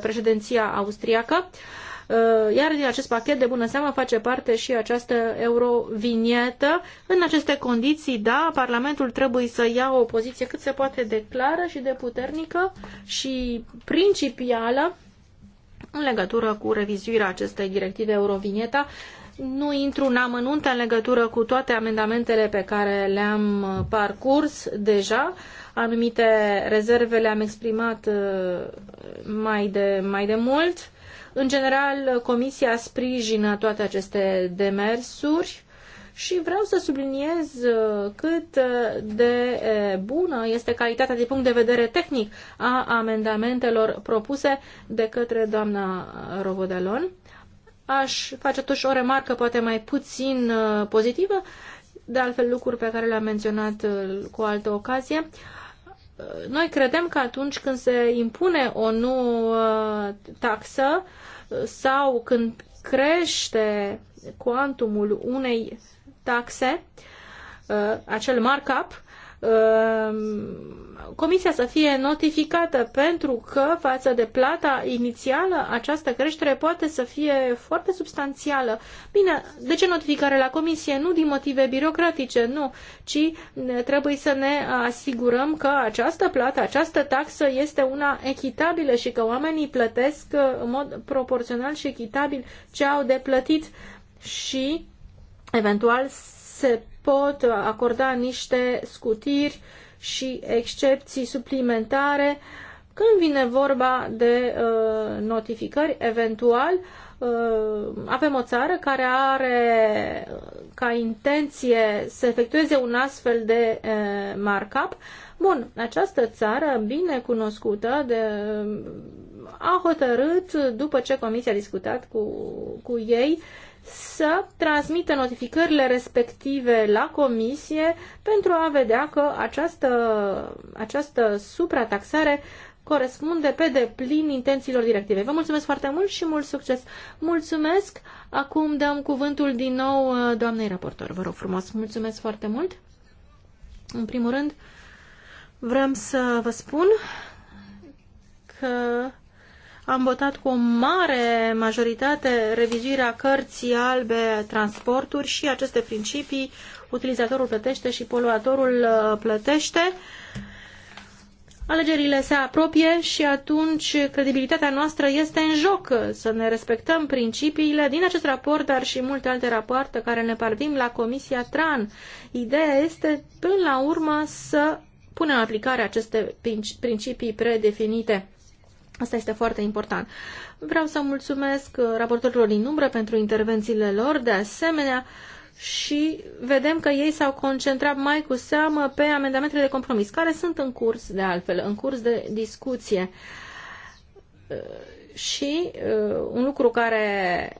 președinția austriacă. Uh, iar din acest pachet de bună seamă face parte și această eurovinietă. În aceste condiții, da, Parlamentul trebuie să ia o poziție cât se poate de clară și de puternică și principială în legătură cu revizuirea acestei directive Eurovinieta. Nu intru în amănunte în legătură cu toate amendamentele pe care le-am uh, parcurs deja. Anumite rezerve le-am exprimat uh, mai de, mai de mult în general, Comisia sprijină toate aceste demersuri și vreau să subliniez uh, cât uh, de uh, bună este calitatea din punct de vedere tehnic a amendamentelor propuse de către doamna Rovodelon. Aș face totuși o remarcă poate mai puțin pozitivă, de altfel lucruri pe care le-am menționat cu altă ocazie. Uh, noi credem că atunci când se impune o nouă uh, taxă sau când crește cuantumul unei taxe, uh, acel markup, uh, comisia să fie notificată pentru că față de plata inițială această creștere poate să fie foarte substanțială. Bine, de ce notificare la comisie? Nu din motive birocratice, nu, ci trebuie să ne asigurăm că această plată, această taxă este una echitabilă și că oamenii plătesc uh, în mod proporțional și echitabil ce au de plătit și eventual se pot acorda niște scutiri și excepții suplimentare când vine vorba de uh, notificări, eventual uh, avem o țară care are ca intenție să efectueze un astfel de uh, markup. Bun, această țară bine cunoscută de, uh, a hotărât, după ce Comisia a discutat cu, cu ei, uh, să transmită notificările respective la comisie pentru a vedea că această, această suprataxare corespunde pe deplin intențiilor directive. Vă mulțumesc foarte mult și mult succes! Mulțumesc! Acum dăm cuvântul din nou uh, doamnei raportor. Vă rog frumos, mulțumesc foarte mult! În primul rând, vreau să vă spun că am votat cu o mare majoritate revizuirea cărții albe transporturi și aceste principii, utilizatorul plătește și poluatorul uh, plătește. Alegerile se apropie și atunci credibilitatea noastră este în joc. Să ne respectăm principiile din acest raport, dar și multe alte rapoarte care ne parvim la Comisia TRAN. Ideea este, până la urmă, să punem în aplicare aceste principii predefinite. Asta este foarte important. Vreau să mulțumesc uh, raportorilor din umbră pentru intervențiile lor, de asemenea, și vedem că ei s-au concentrat mai cu seamă pe amendamentele de compromis, care sunt în curs, de altfel, în curs de discuție. Uh, și uh, un lucru care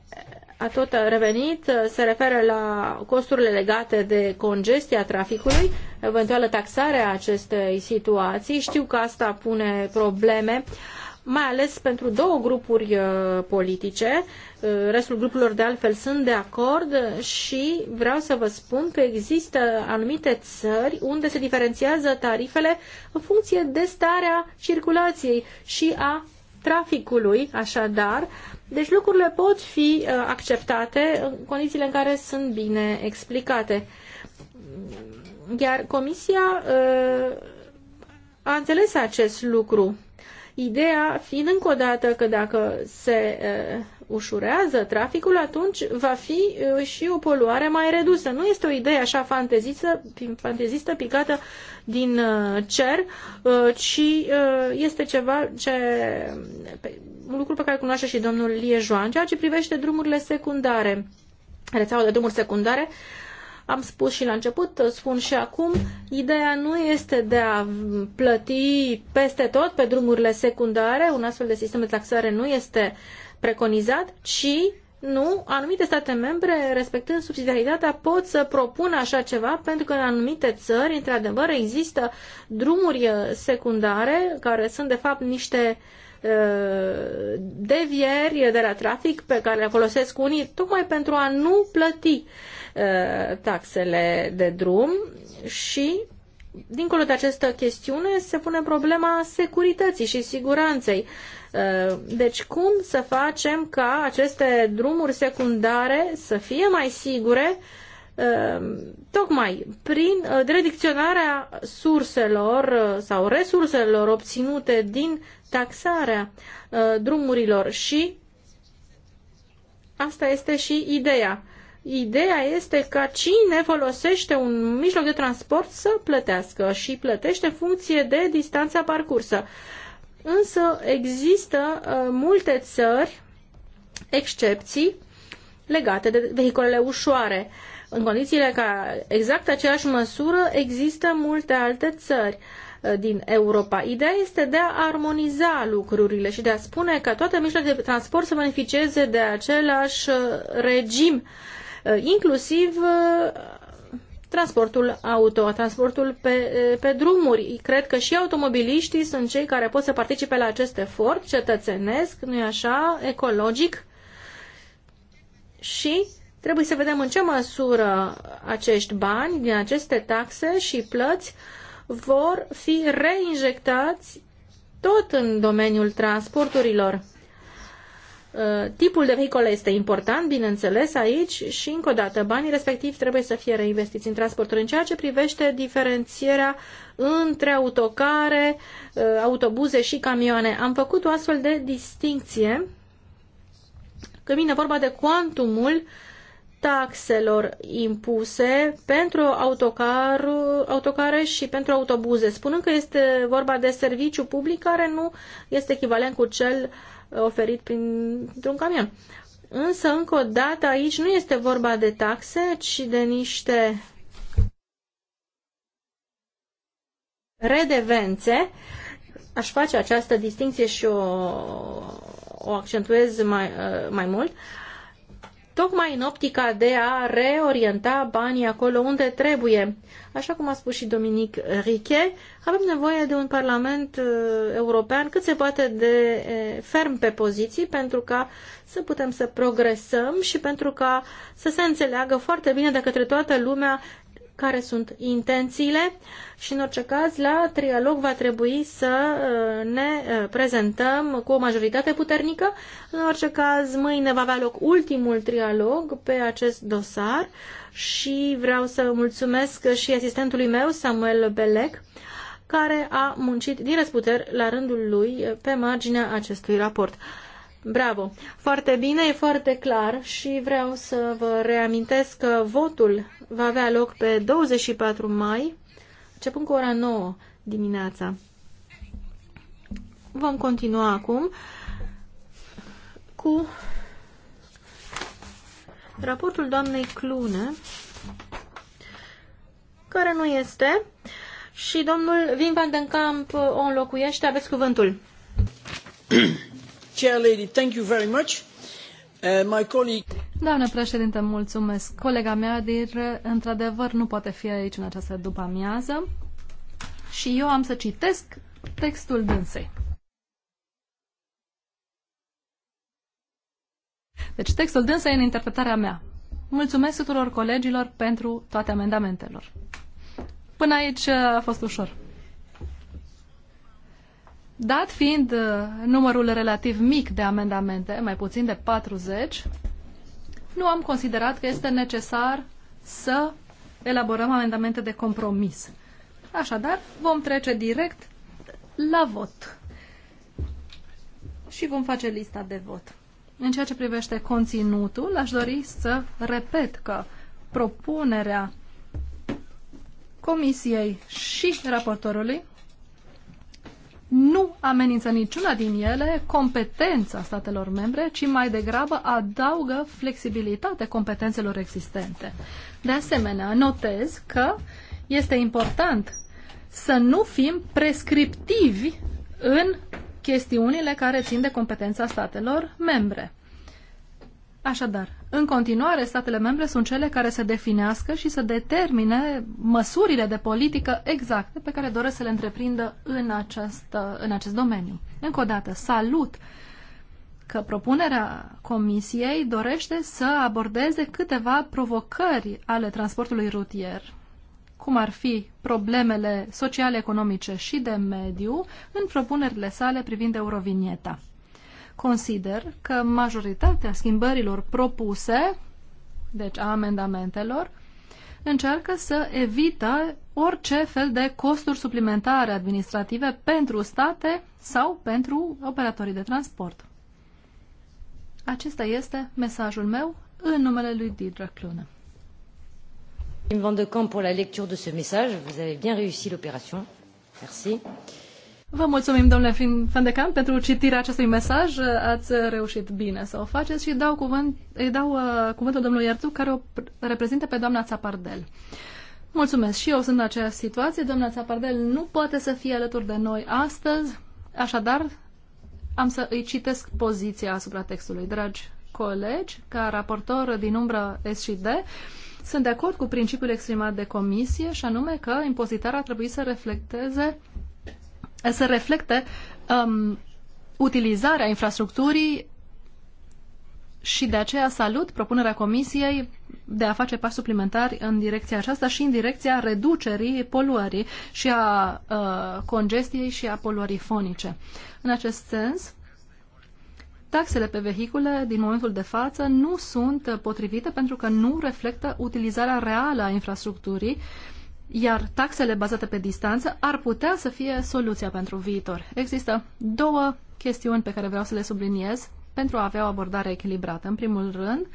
a tot revenit se referă la costurile legate de congestia traficului, eventuală taxare a acestei situații. Știu că asta pune probleme uh, mai ales pentru două grupuri uh, politice. Uh, restul grupurilor de altfel sunt de acord și vreau să vă spun că există anumite țări unde se diferențiază tarifele în funcție de starea circulației și a traficului, așadar. Deci lucrurile pot fi uh, acceptate în condițiile în care sunt bine explicate. Iar Comisia a înțeles acest lucru Ideea fiind încă o dată că dacă se uh, ușurează traficul, atunci va fi uh, și o poluare mai redusă. Nu este o idee așa fantezistă, fantezistă picată din uh, cer, uh, ci uh, este ceva ce pe, un lucru pe care îl cunoaște și domnul Liejoan, ceea ce privește drumurile secundare, rețeaua de drumuri secundare. Uh, am spus și la început, spun și acum, ideea nu este de a plăti peste tot pe drumurile secundare, un astfel de sistem de taxare nu este preconizat, ci nu, anumite state membre, respectând subsidiaritatea, pot să propună așa ceva, pentru că în anumite țări, într-adevăr, există drumuri secundare, care sunt, de fapt, niște uh, devieri de la trafic pe care le folosesc unii tocmai pentru a nu plăti. Uh, taxele de drum și, dincolo de această chestiune, se pune problema securității și siguranței. Uh, deci cum să facem ca aceste drumuri secundare să fie mai sigure uh, tocmai prin redicționarea surselor sau resurselor obținute din taxarea drumurilor și asta este și ideea Ideea este ca cine folosește un mijloc de transport să plătească și plătește în funcție de distanța parcursă. Însă există uh, multe țări, excepții, legate de vehiculele ușoare. În condițiile ca exact aceeași măsură există multe alte țări uh, din Europa. Ideea este de a armoniza lucrurile și de a spune că toate mijloacele de transport să beneficieze de același uh, regim uh, Eh, inclusiv eh, transportul auto, transportul pe, eh, pe drumuri. Cred că și automobiliștii sunt cei care pot să participe la acest efort cetățenesc, nu-i așa, ecologic și trebuie să vedem în ce măsură acești bani din aceste taxe și plăți vor fi reinjectați tot în domeniul transporturilor. Uh, tipul de vehicole este important, bineînțeles, aici și, încă o dată, banii respectiv trebuie să fie reinvestiți în transporturi. În ceea ce privește diferențierea între autocare, uh, autobuze și camioane, am făcut o astfel de distinție când vine vorba de cuantumul taxelor impuse pentru autocar, autocare și pentru autobuze, spunând că este vorba de serviciu public care nu este echivalent cu cel uh, oferit printr-un camion. Însă, încă o dată, aici nu este vorba de taxe, ci de niște redevențe. Aș face această distinție și o, o accentuez mai, mai mult tocmai în optica de a reorienta banii acolo unde trebuie. Așa cum a spus și Dominic Riche, avem nevoie de un Parlament uh, European cât se poate de ferm pe poziții pentru ca să putem să progresăm și pentru ca să se înțeleagă foarte bine de către toată lumea care sunt intențiile și, în orice caz, la trialog va trebui să uh, ne uh, prezentăm cu o majoritate puternică. În orice caz, mâine va avea loc ultimul trialog pe acest dosar și vreau să mulțumesc și asistentului meu, Samuel Belec, care a muncit din răsputeri la rândul lui pe marginea acestui raport. Bravo! Foarte bine, e foarte clar și vreau să vă reamintesc că votul va avea loc pe 24 mai, începând cu ora 9 dimineața. Vom continua acum cu raportul doamnei Clune, care nu este, și domnul Vin Van Den Camp o înlocuiește. Aveți cuvântul. *clears throat* Uh, Doamnă președintă, mulțumesc. Colega mea, Dir, într-adevăr nu poate fi aici în această după-amiază și eu am să citesc textul dânsei. Deci textul dânsei în interpretarea mea. Mulțumesc tuturor colegilor pentru toate amendamentelor. Până aici uh, a fost ușor. Dat fiind uh, numărul relativ mic de amendamente, mai puțin de 40, nu am considerat că este necesar să elaborăm amendamente de compromis. Așadar, vom trece direct la vot și vom face lista de vot. În ceea ce privește conținutul, aș dori să repet că propunerea Comisiei și raportorului nu amenință niciuna din ele competența statelor membre, ci mai degrabă adaugă flexibilitate competențelor existente. De asemenea, notez că este important să nu fim prescriptivi în chestiunile care țin de competența statelor membre. Așadar, în continuare, statele membre sunt cele care să definească și să determine măsurile de politică exacte pe care doresc să le întreprindă în, această, în acest domeniu. Încă o dată, salut că propunerea Comisiei dorește să abordeze câteva provocări ale transportului rutier, cum ar fi problemele sociale, economice și de mediu, în propunerile sale privind Eurovinieta. Consider că majoritatea schimbărilor propuse, deci a amendamentelor, încearcă să evită orice fel de costuri suplimentare administrative pentru state sau pentru operatorii de transport. Acesta este mesajul meu în numele lui Didra Clune. Van de Camp pour la lecture de ce message. Vous avez bien réussi l'opération. Merci. Vă mulțumim, domnule Fendecan, pentru citirea acestui mesaj. Ați reușit bine să o faceți și dau cuvânt, îi dau uh, cuvântul domnului Iertu, care o reprezintă pe doamna Țapardel. Mulțumesc și eu sunt în aceeași situație. Doamna Țapardel nu poate să fie alături de noi astăzi, așadar am să îi citesc poziția asupra textului. Dragi colegi, ca raportor din umbră S și D, sunt de acord cu principiul exprimat de comisie și anume că impozitarea trebuie să reflecteze să reflecte um, utilizarea infrastructurii și de aceea salut propunerea Comisiei de a face pași suplimentari în direcția aceasta și în direcția reducerii poluării și a uh, congestiei și a poluării fonice. În acest sens, taxele pe vehicule din momentul de față nu sunt potrivite pentru că nu reflectă utilizarea reală a infrastructurii uh, iar taxele bazate pe distanță ar putea să fie soluția pentru viitor. Există două chestiuni pe care vreau să le subliniez pentru a avea o abordare echilibrată. În primul rând,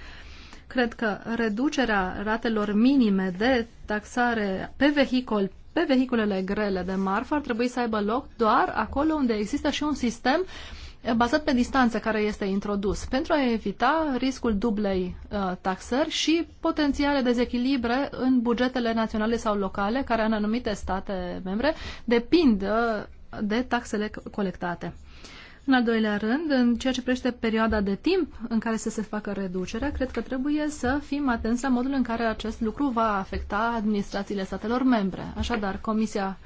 cred că reducerea ratelor minime de taxare pe vehicol pe vehiculele grele de marfă ar trebui să aibă loc doar acolo unde există și un sistem uh, bazat pe distanță care este introdus, pentru a evita riscul dublei uh, taxări și potențiale dezechilibre în bugetele naționale sau locale, care în anumite state membre depind uh, de taxele colectate. În al doilea rând, în ceea ce privește perioada de timp în care să se facă reducerea, cred că trebuie să fim atenți la modul în care acest lucru va afecta administrațiile statelor membre. Așadar, Comisia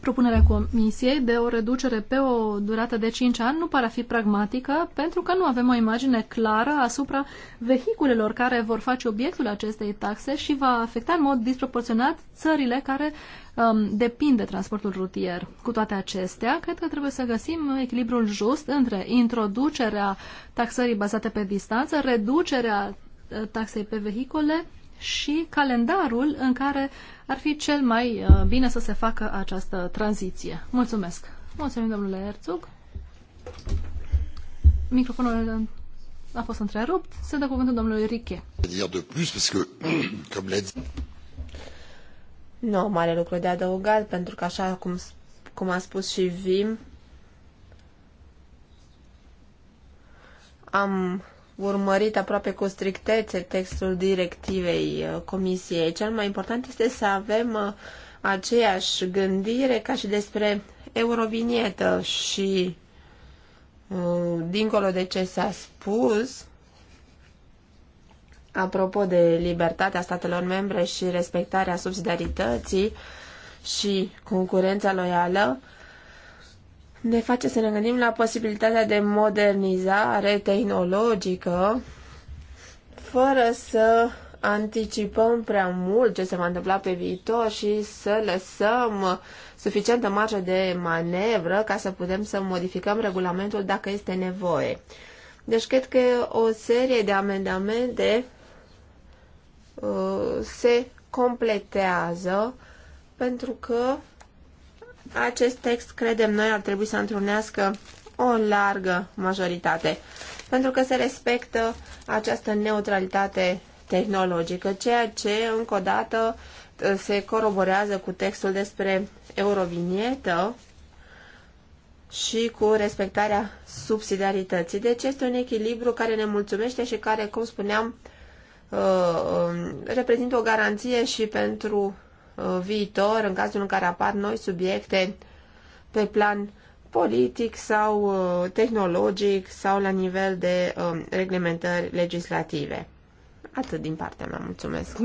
propunerea Comisiei de o reducere pe o durată de 5 ani nu pare a fi pragmatică pentru că nu avem o imagine clară asupra vehiculelor care vor face obiectul acestei taxe și va afecta în mod disproporționat țările care um, depind de transportul rutier. Cu toate acestea, cred că trebuie să găsim echilibrul just între introducerea taxării bazate pe distanță, reducerea uh, taxei pe vehicule și calendarul în care ar fi cel mai uh, bine să se facă această tranziție. Mulțumesc! Mulțumim, domnule Herzog. Microfonul a fost întrerupt. Se dă cuvântul domnului Riche. *clears throat* Nu am mare lucru de adăugat, pentru că așa cum, cum a spus și Vim, am urmărit aproape cu strictețe textul directivei uh, Comisiei. Cel mai important este să avem uh, aceeași gândire ca și despre eurovinietă și uh, dincolo de ce s-a spus apropo de libertatea statelor membre și respectarea subsidiarității și concurența loială, ne face să ne gândim la posibilitatea de modernizare tehnologică fără să anticipăm prea mult ce se va întâmpla pe viitor și să lăsăm suficientă marjă de manevră ca să putem să modificăm regulamentul dacă este nevoie. Deci cred că o serie de amendamente uh, se completează pentru că acest text, credem noi, ar trebui să întrunească o largă majoritate, pentru că se respectă această neutralitate tehnologică, ceea ce, încă o dată, se coroborează cu textul despre eurovinietă și cu respectarea subsidiarității. Deci este un echilibru care ne mulțumește și care, cum spuneam, uh, um, reprezintă o garanție și pentru Uh, viitor, în cazul în care apar noi subiecte pe plan politic sau uh, tehnologic sau la nivel de um, reglementări legislative. Atât din partea mea, mulțumesc.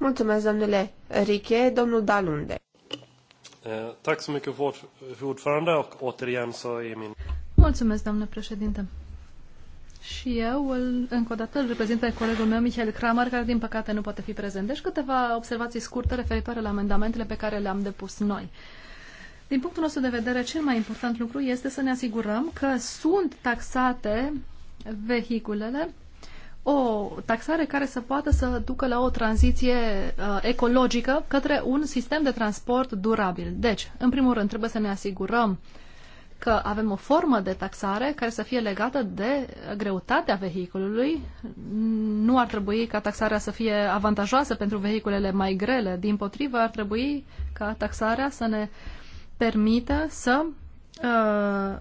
Mulțumesc, domnule Riche, domnul Dalunde. Eh, mulțumesc, domnule președinte. Și eu, îl, încă o dată, îl reprezint pe colegul meu, Michael Kramer, care din păcate nu poate fi prezent. Deci câteva observații scurte referitoare la amendamentele pe care le-am depus noi. Din punctul nostru de vedere, cel mai important lucru este să ne asigurăm că sunt taxate vehiculele o taxare care să poată să ducă la o tranziție uh, ecologică către un sistem de transport durabil. Deci, în primul rând, trebuie să ne asigurăm uh, că avem o formă de taxare care să fie legată de greutatea vehiculului. Nu ar trebui ca taxarea să fie avantajoasă pentru vehiculele mai grele. Din potrivă, ar trebui ca taxarea să ne permită să uh,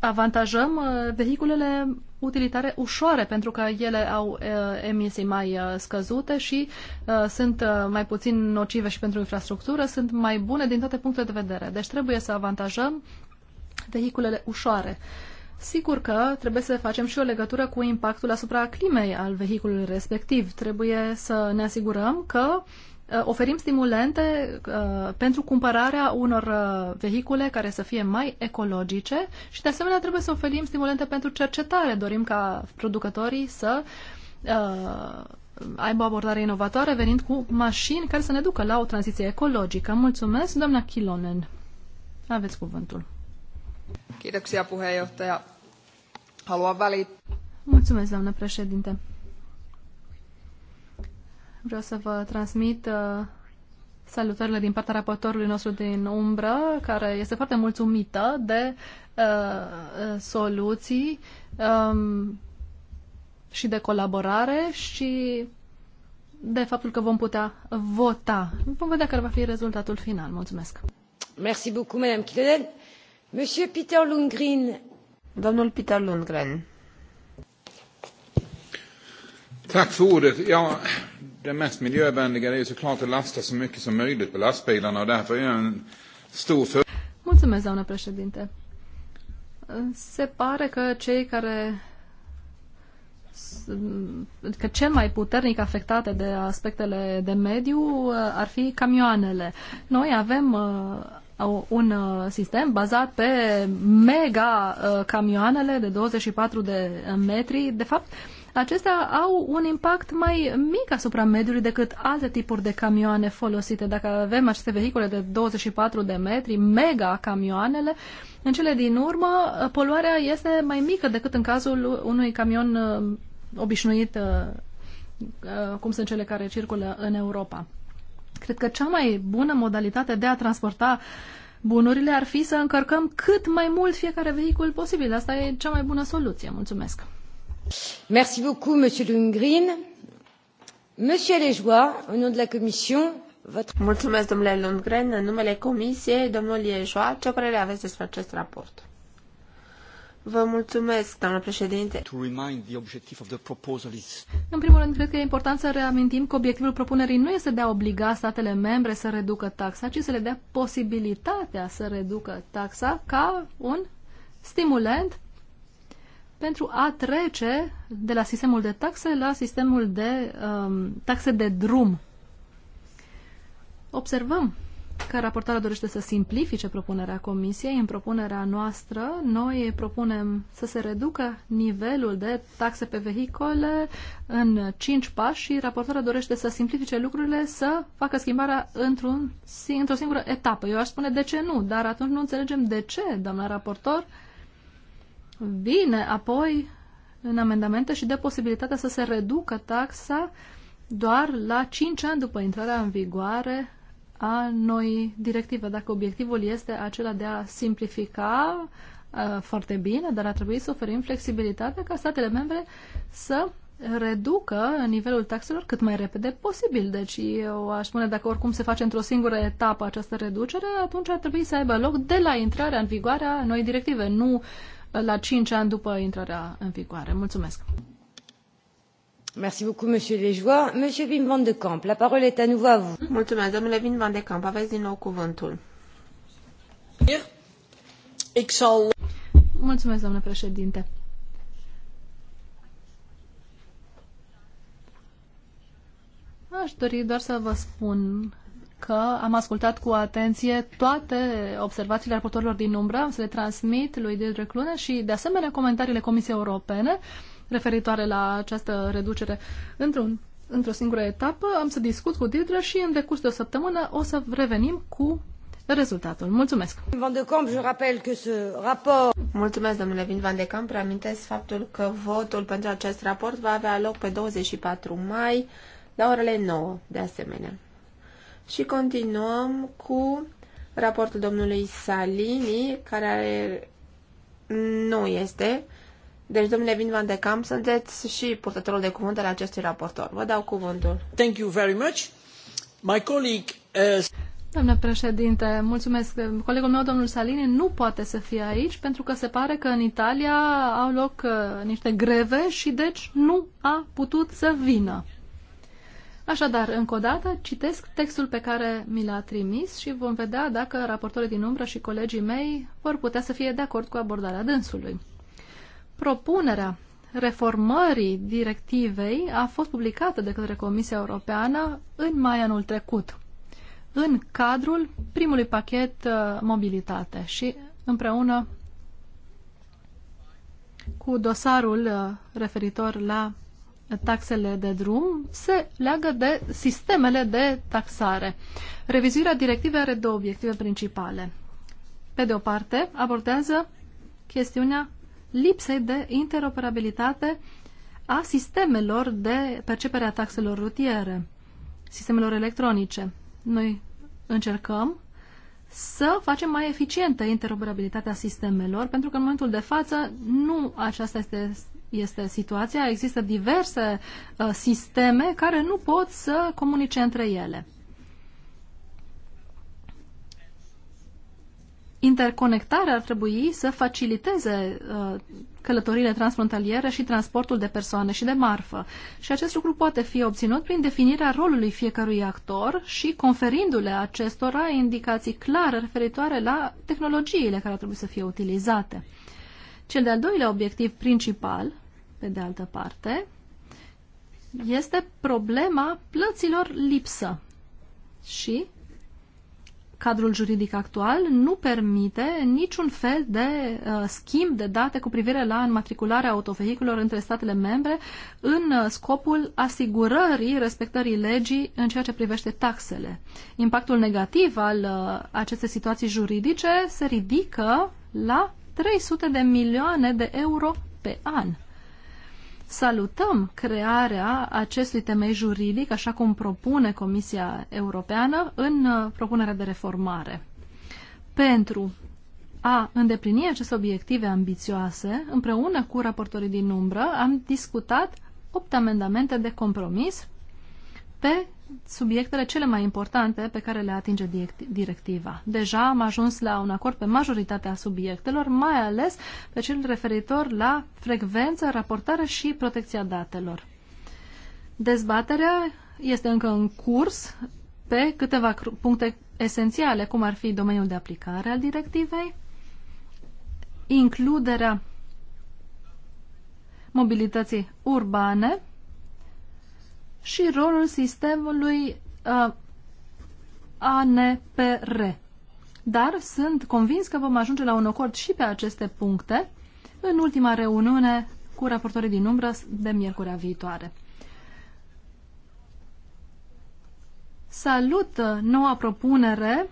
avantajăm uh, vehiculele utilitare ușoare pentru că ele au uh, emisii mai uh, scăzute și uh, sunt uh, mai puțin nocive și pentru infrastructură, sunt mai bune din toate punctele de vedere. Deci trebuie să avantajăm vehiculele ușoare. Sigur că trebuie să facem și o legătură cu impactul asupra climei al vehiculului respectiv. Trebuie să ne asigurăm că uh, oferim stimulente uh, pentru cumpărarea unor uh, vehicule care să fie mai ecologice și de asemenea trebuie să oferim stimulente pentru cercetare. Dorim ca producătorii să aibă o abordare inovatoare venind cu mașini care să ne ducă la o tranziție ecologică. Mulțumesc, doamna Kilonen. Aveți cuvântul. Kiitoksia puheenjohtaja. Haluan välit... Mulțumesc, doamnă președinte. Vreau să vă transmit uh, salutările din partea raportorului nostru din umbră, care este foarte mulțumită de uh, soluții um, și de colaborare și de faptul că vom putea vota. Vom vedea care va fi rezultatul final. Mulțumesc! beaucoup, Madame Kilden. Monsieur Peter Lundgren. det mest miljövänliga är ju såklart att lasta så mycket som möjligt på lastbilarna och därför är jag en stor för... Mulțumesc, doamnă președinte. Se pare că cei care că cel mai puternic afectate de aspectele de mediu uh, ar fi camioanele. Noi avem uh, un uh, sistem bazat pe mega uh, camioanele de 24 de uh, metri. De fapt, acestea au un impact mai mic asupra mediului decât alte tipuri de camioane folosite. Dacă avem aceste vehicule de 24 de metri, mega camioanele, în cele din urmă, poluarea este mai mică decât în cazul unui camion obișnuit, cum sunt cele care circulă în Europa. Cred că cea mai bună modalitate de a transporta bunurile ar fi să încărcăm cât mai mult fiecare vehicul posibil. Asta e cea mai bună soluție. Mulțumesc. Merci beaucoup, monsieur Lundgren. Monsieur Lejoie, au nom de la Commission, votre... Mulțumesc, domnule Lundgren. În numele Comisiei, domnul Lejoie, ce părere aveți despre acest raport? Vă mulțumesc, doamnă președinte. În primul rând, cred că e important să reamintim că obiectivul propunerii nu este de a obliga statele membre să reducă taxa, ci să le dea posibilitatea să reducă taxa ca un stimulent pentru a trece de la sistemul de taxe la sistemul de um, taxe de drum. Observăm că raportarea dorește să simplifice propunerea Comisiei. În propunerea noastră, noi propunem să se reducă nivelul de taxe pe vehicole în 5 pași și raportarea dorește să simplifice lucrurile, să facă schimbarea într-un, într-o singură etapă. Eu aș spune de ce nu, dar atunci nu înțelegem de ce, doamna raportor, vine apoi în amendamente și de posibilitatea să se reducă taxa doar la 5 ani după intrarea în vigoare a noi directive. Dacă obiectivul este acela de a simplifica uh, foarte bine, dar ar trebui să oferim flexibilitate ca statele membre să reducă nivelul taxelor cât mai repede posibil. Deci eu aș spune, dacă oricum se face într-o singură etapă această reducere, atunci ar trebui să aibă loc de la intrarea în vigoare a noi directive, nu la 5 ani după intrarea în vigoare. Mulțumesc! Mulțumesc, domnule Vin van de Camp. Aveți din nou cuvântul. Mulțumesc, domnule președinte. Aș dori doar să vă spun că am ascultat cu atenție toate observațiile raportorilor din umbră, am să le transmit lui Deirdre Clune și, de asemenea, comentariile Comisiei Europene. Uh, referitoare la această reducere într-un, într-o singură etapă. Am să discut cu Didra și în decurs de o săptămână o să revenim cu rezultatul. Mulțumesc! Mulțumesc, domnule Vin Van de Camp. Reamintesc faptul că votul pentru acest raport va avea loc pe 24 mai la orele 9, de asemenea. Și continuăm cu raportul domnului Salini, care nu este deci, domnule Vin Van de Camp, sunteți și purtătorul de cuvânt al acestui raportor. Vă dau cuvântul. Thank you very much. My colleague, uh... Doamnă președinte, mulțumesc. Colegul meu, domnul Salini, nu poate să fie aici pentru că se pare că în Italia au loc uh, niște greve și deci nu a putut să vină. Așadar, încă o dată, citesc textul pe care mi l-a trimis și vom vedea dacă raportorii din umbră și colegii mei vor putea să fie de acord cu abordarea dânsului. Propunerea reformării directivei a fost publicată de către Comisia Europeană în mai anul trecut, în cadrul primului pachet uh, mobilitate și împreună cu dosarul uh, referitor la taxele de drum se leagă de sistemele de taxare. Revizuirea directivei are două obiective principale. Pe de o parte, abordează chestiunea lipsei de interoperabilitate a sistemelor de percepere a taxelor rutiere, sistemelor electronice. Noi încercăm să facem mai eficientă interoperabilitatea sistemelor, pentru că în momentul de față nu aceasta este, este situația. Există diverse uh, sisteme care nu pot să comunice între ele. interconectarea ar trebui să faciliteze uh, călătorile transfrontaliere și transportul de persoane și de marfă. Și acest lucru poate fi obținut prin definirea rolului fiecărui actor și conferindu-le acestora indicații clare referitoare la tehnologiile care ar trebui să fie utilizate. Cel de-al doilea obiectiv principal, pe de altă parte, este problema plăților lipsă și cadrul juridic actual nu permite niciun fel de uh, schimb de date cu privire la înmatricularea autovehiculor între statele membre în uh, scopul asigurării respectării legii în ceea ce privește taxele. Impactul negativ al uh, acestei situații juridice se ridică la 300 de milioane de euro pe an salutăm crearea acestui temei juridic, așa cum propune Comisia Europeană în uh, propunerea de reformare. Pentru a îndeplini aceste obiective ambițioase, împreună cu raportorii din umbră, am discutat opt amendamente de compromis pe subiectele cele mai importante pe care le atinge directiva. Deja am ajuns la un acord pe majoritatea subiectelor, mai ales pe cel referitor la frecvență, raportare și protecția datelor. Dezbaterea este încă în curs pe câteva puncte esențiale, cum ar fi domeniul de aplicare al directivei, includerea mobilității urbane, și rolul sistemului uh, ANPR. Dar sunt convins că vom ajunge la un acord și pe aceste puncte în ultima reuniune cu raportorii din umbră de miercurea viitoare. Salut uh, noua propunere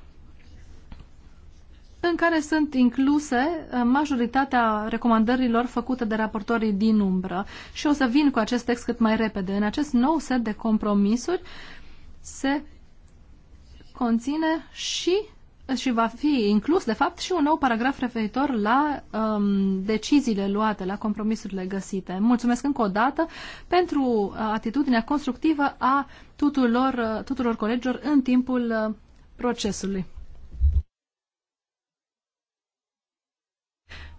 în care sunt incluse uh, majoritatea recomandărilor făcute de raportorii din umbră. Și o să vin cu acest text cât mai repede. În acest nou set de compromisuri se conține și și va fi inclus, de fapt, și un nou paragraf referitor la um, deciziile luate, la compromisurile găsite. Mulțumesc încă o dată pentru uh, atitudinea constructivă a tuturor, uh, tuturor colegilor în timpul procesului.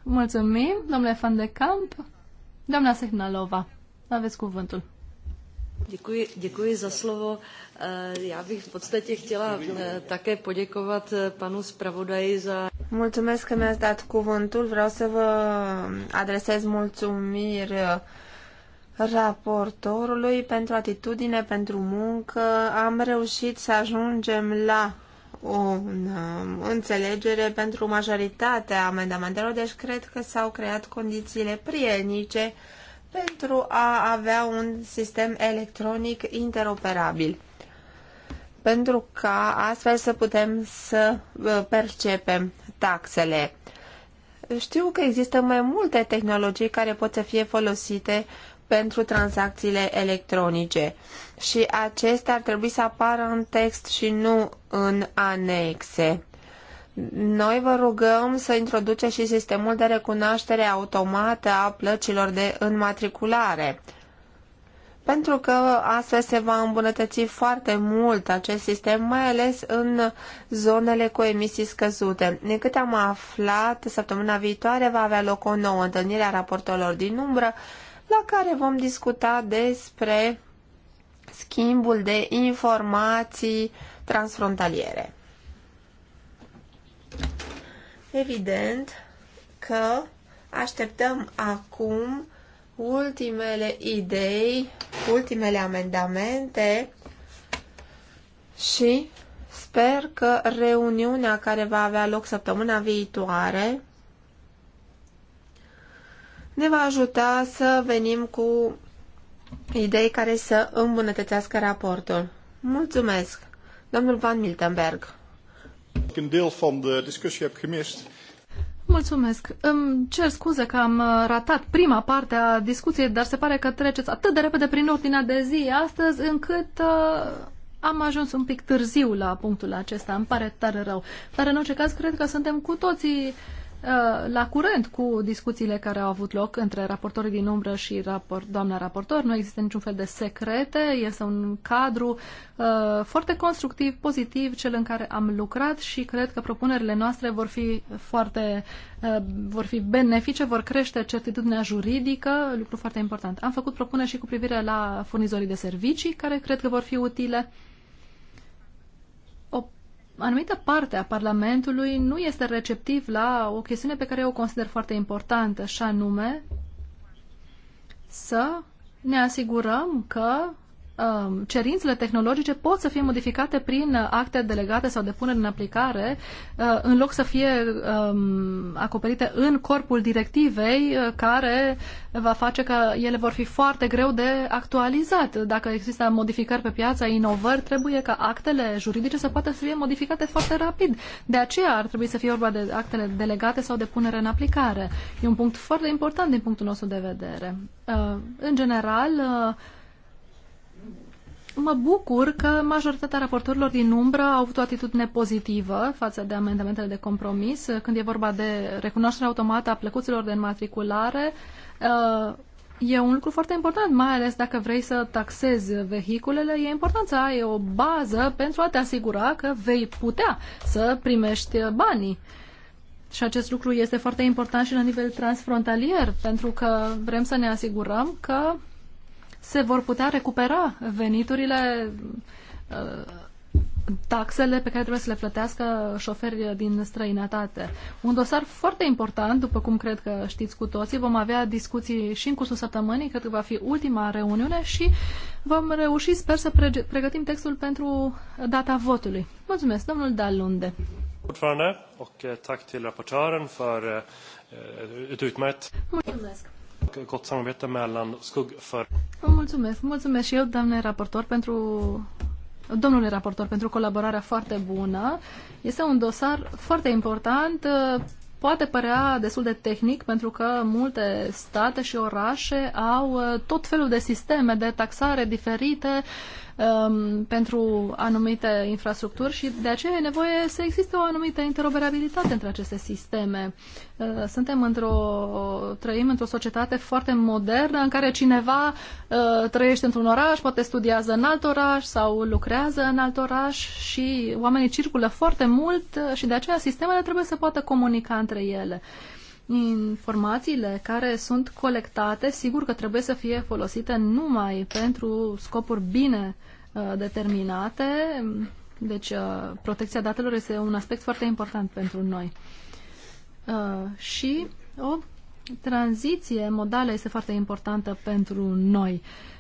Mulțumim, domnule Fan de Camp. Doamna Sehnalova, aveți cuvântul. Děkuji, děkuji za slovo. Eh, já bych v podstatě chtěla eh, také poděkovat eh, panu zpravodaji za... Mulțumesc că mi-ați dat cuvântul. Vreau să vă adresez mulțumiri raportorului pentru atitudine, pentru muncă. Am reușit să ajungem la o um, înțelegere pentru majoritatea amendamentelor, deci cred că s-au creat condițiile prielnice pentru a avea un sistem electronic interoperabil. Pentru ca astfel să putem să uh, percepem taxele. Știu că există mai multe tehnologii care pot să fie folosite pentru tranzacțiile electronice și acestea ar trebui să apară în text și nu în anexe. Noi vă rugăm să introduceți și sistemul de recunoaștere automată a plăcilor de înmatriculare, pentru că astfel se va îmbunătăți foarte mult acest sistem, mai ales în zonele cu emisii scăzute. Din câte am aflat, săptămâna viitoare va avea loc o nouă întâlnire a raportelor din umbră, la care vom discuta despre schimbul de informații transfrontaliere. Evident că așteptăm acum ultimele idei, ultimele amendamente și sper că reuniunea care va avea loc săptămâna viitoare ne va ajuta să venim cu idei care să îmbunătățească raportul. Mulțumesc, domnul Van Miltenberg. Un deel van de discussie heb gemist. Mulțumesc. Îmi cer scuze că am uh, ratat prima parte a discuției, dar se pare că treceți atât de repede prin ordinea de zi astăzi, încât uh, am ajuns un pic târziu la punctul acesta. Îmi pare tare rău. Dar în orice caz, cred că suntem cu toții uh, Uh, la curent cu discuțiile care au avut loc între raportorii din umbră și raport, doamna raportor. Nu există niciun fel de secrete, este un cadru uh, foarte constructiv, pozitiv, cel în care am lucrat și cred că propunerile noastre vor fi foarte uh, vor fi benefice, vor crește certitudinea juridică, lucru foarte important. Am făcut propuneri și cu privire la furnizorii de servicii, care cred că vor fi utile. Uh, anumită parte a Parlamentului nu este receptiv la o chestiune pe care eu o consider foarte importantă, și anume să ne asigurăm că Um, cerințele tehnologice pot să fie modificate prin acte delegate sau de punere în aplicare, uh, în loc să fie um, acoperite în corpul directivei, uh, care va face că ele vor fi foarte greu de actualizat. Dacă există modificări pe piață, inovări, trebuie ca actele juridice să poată să fie modificate foarte rapid. De aceea ar trebui să fie vorba de actele delegate sau de punere în aplicare. E un punct foarte important din punctul nostru de vedere. Uh, în general, mă bucur că majoritatea raportorilor din umbră au avut o atitudine pozitivă față de amendamentele de compromis, când e vorba de recunoașterea automată a plăcuților de înmatriculare. Uh, e un lucru foarte important, mai ales dacă vrei să taxezi vehiculele, e important să ai o bază pentru a te asigura că vei putea să primești banii. Și acest lucru este foarte important și la nivel transfrontalier, pentru că vrem să ne asigurăm că se vor putea recupera veniturile, uh, taxele pe care trebuie să le plătească șoferi din străinătate. Un dosar foarte important, după cum cred că știți cu toții, vom avea discuții și în cursul săptămânii, cred că va fi ultima reuniune și vom reuși, sper, să pregătim textul pentru data votului. Mulțumesc, domnul Dalunde. Eh, eh, eh, Mulțumesc. Gott samarbete mellan skuggför... mulțumesc. Mulțumesc și eu, raportor, pentru... Domnule raportor, pentru colaborarea foarte bună. Este un dosar foarte important. Poate părea destul de tehnic pentru că multe state și orașe au uh, tot felul de sisteme de taxare diferite um, pentru anumite infrastructuri și de aceea e nevoie să existe o anumită interoperabilitate între aceste sisteme. Uh, suntem într-o, trăim într-o societate foarte modernă în care cineva uh, trăiește într-un oraș, poate studiază în alt oraș sau lucrează în alt oraș și oamenii circulă foarte mult uh, și de aceea sistemele trebuie să poată comunica între ele. Uh, informațiile care sunt colectate, sigur că trebuie să fie folosite numai pentru scopuri bine uh, determinate. Deci, uh, protecția datelor este un aspect foarte important pentru noi. Uh, și o tranziție modală este foarte importantă pentru noi. Uh,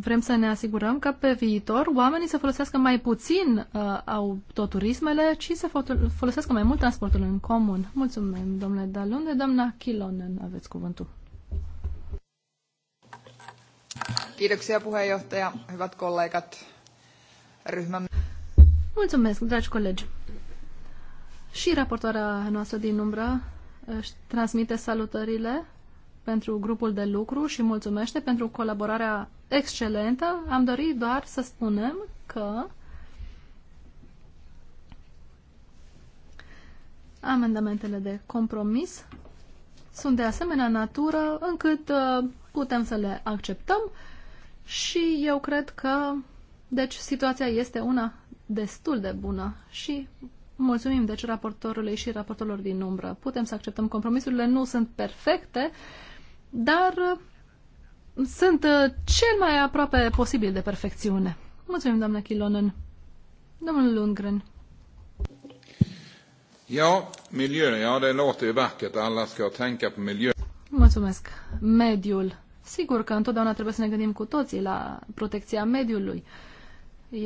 Vrem să ne asigurăm că pe viitor oamenii să folosească mai puțin uh, autoturismele, ci să folosească mai mult transportul în comun. Mulțumim, domnule Dalunde. Doamna Kilonen, aveți cuvântul. Kiitoksia puheenjohtaja, hyvät kollegat, ryhmämme. Mulțumesc, dragi colegi. Și raportoarea noastră din umbră uh, își transmite salutările pentru grupul de lucru și mulțumește pentru colaborarea excelentă. Am dorit doar să spunem că amendamentele de compromis sunt de asemenea natură încât uh, putem să le acceptăm și eu cred că deci situația este una destul de bună și mulțumim deci raportorului și raportorilor din umbră. Putem să acceptăm compromisurile, nu sunt perfecte, dar uh, sunt uh, cel mai aproape posibil de perfecțiune. Mulțumim, doamna Chilonen. Domnul Lundgren. Ja, miljö, ja det låter ju vackert. Alla ska tänka på miljö. Mulțumesc. Mediul. Sigur că întotdeauna trebuie să ne gândim cu toții la protecția mediului. E,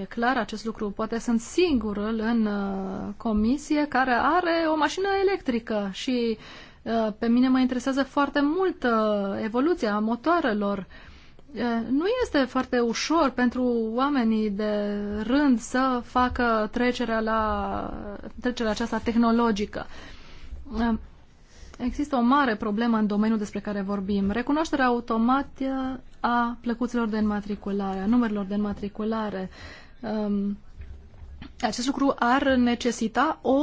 e clar acest lucru. Poate sunt singurul în uh, comisie care are o mașină electrică și uh, Uh, pe mine mă interesează foarte mult uh, evoluția motoarelor. Uh, nu este foarte ușor pentru oamenii de rând să facă trecerea, la, trecerea aceasta tehnologică. Există o mare problemă în domeniul despre care vorbim. Recunoașterea automată a plăcuților de înmatriculare, a numerelor de înmatriculare. Um, acest lucru ar necesita o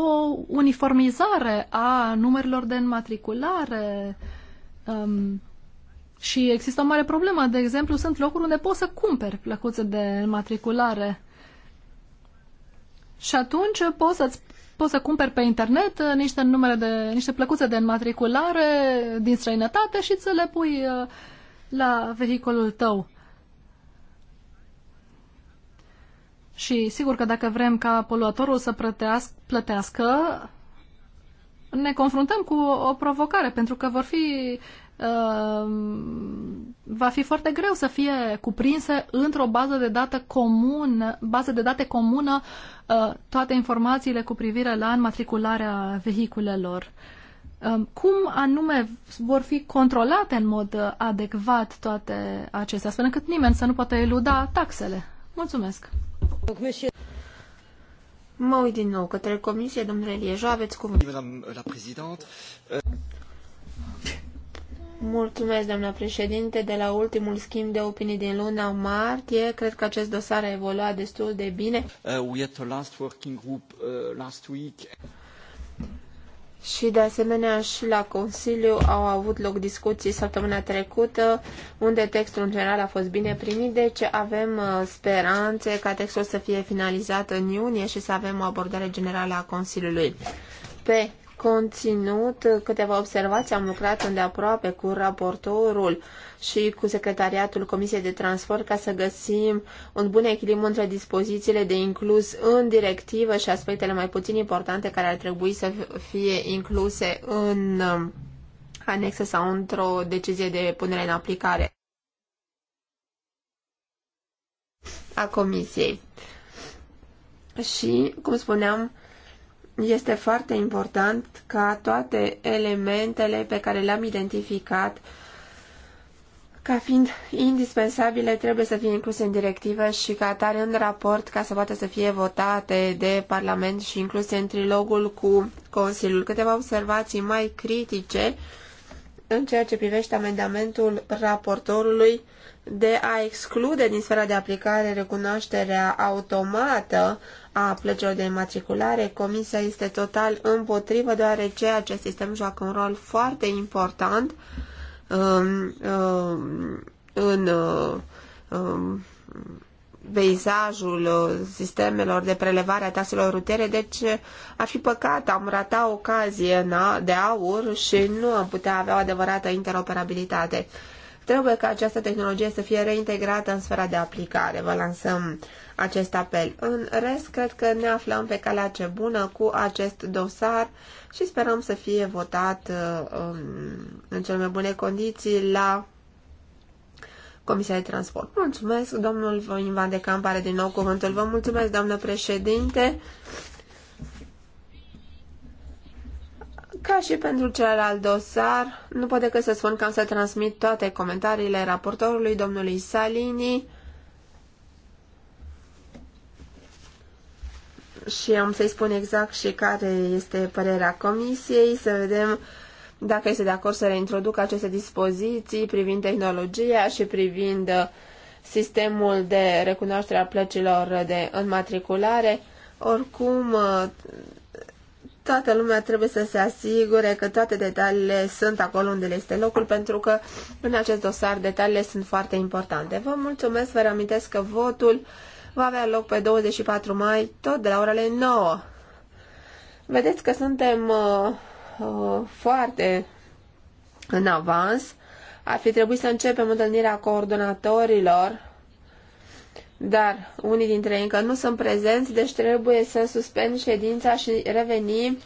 uniformizare a numerelor de înmatriculare. Um, și există o mare problemă. De exemplu, sunt locuri unde poți să cumperi plăcuțe de înmatriculare. Și atunci poți, să poți să cumperi pe internet uh, niște numere de niște plăcuțe de înmatriculare din străinătate și să le pui uh, la vehiculul tău. Și sigur că dacă vrem ca poluatorul să plătească, plătească ne confruntăm cu o provocare, pentru că vor fi uh, va fi foarte greu să fie cuprinse într-o bază de date comună, bază de date comună uh, toate informațiile cu privire la înmatricularea vehiculelor. Um, cum anume vor fi controlate în mod adecvat toate acestea, astfel încât nimeni să nu poată eluda taxele? Mulțumesc! Mă uit din nou către comisie, domnule Liejo, aveți cuvânt. Mulțumesc, doamna președinte. De la ultimul schimb de opinii din luna martie, cred că acest dosar a evoluat destul de bine. Uh, we had a last working group uh, last week și de asemenea și la Consiliu au avut loc discuții săptămâna trecută unde textul în general a fost bine primit, deci avem uh, speranțe ca textul să fie finalizat în iunie și să avem o abordare generală a Consiliului. Pe conținut câteva observații. Am lucrat îndeaproape cu raportorul și cu secretariatul Comisiei de Transport ca să găsim un bun echilibru între dispozițiile de inclus în directivă și aspectele mai puțin importante care ar trebui să fie incluse în anexă sau într-o decizie de punere în aplicare a Comisiei. Și, cum spuneam, este foarte important ca toate elementele pe care le-am identificat ca fiind indispensabile trebuie să fie incluse în directivă și ca atare în raport ca să poată să fie votate de Parlament și incluse în trilogul cu Consiliul. Câteva observații mai critice în ceea ce privește amendamentul raportorului de a exclude din sfera de aplicare recunoașterea automată a plăcilor de matriculare, comisia este total împotrivă, deoarece acest sistem joacă un rol foarte important um, um, în um, peisajul uh, sistemelor de prelevare a taxelor rutiere, deci ar fi păcat, am ratat ocazie de aur și nu am putea avea o adevărată interoperabilitate. Trebuie ca această tehnologie să fie reintegrată în sfera de aplicare. Vă lansăm acest apel. În rest, cred că ne aflăm pe calea ce bună cu acest dosar și sperăm să fie votat uh, um, în cele mai bune condiții la Comisia de Transport. Mulțumesc, domnul Ivan de Camp are din nou cuvântul. Vă mulțumesc, doamnă președinte. Ca și pentru celălalt dosar, nu pot decât să spun că am să transmit toate comentariile raportorului domnului Salini și am să-i spun exact și care este părerea comisiei, să vedem dacă este de acord să reintroducă aceste dispoziții privind tehnologia și privind uh, sistemul de recunoaștere a plăcilor de înmatriculare. Oricum, uh, toată lumea trebuie să se asigure că toate detaliile sunt acolo unde le este locul, pentru că în acest dosar detaliile sunt foarte importante. Vă mulțumesc, vă reamintesc că votul va avea loc pe 24 mai, tot de la orele 9. Vedeți că suntem uh, uh, foarte în avans. Ar fi trebuit să începem întâlnirea coordonatorilor dar unii dintre ei încă nu sunt prezenți, deci trebuie să suspend ședința și revenim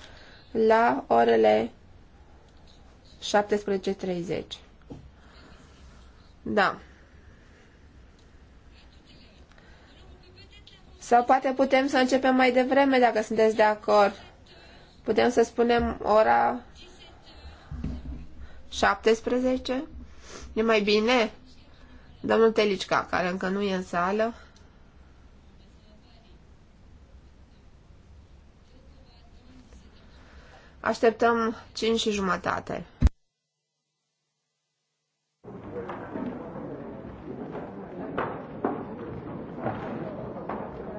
la orele 17.30. Da. Sau poate putem să începem mai devreme, dacă sunteți de acord. Putem să spunem ora 17? E mai bine? Domnul Telicca, care încă nu e în sală. Așteptăm 5 și jumătate.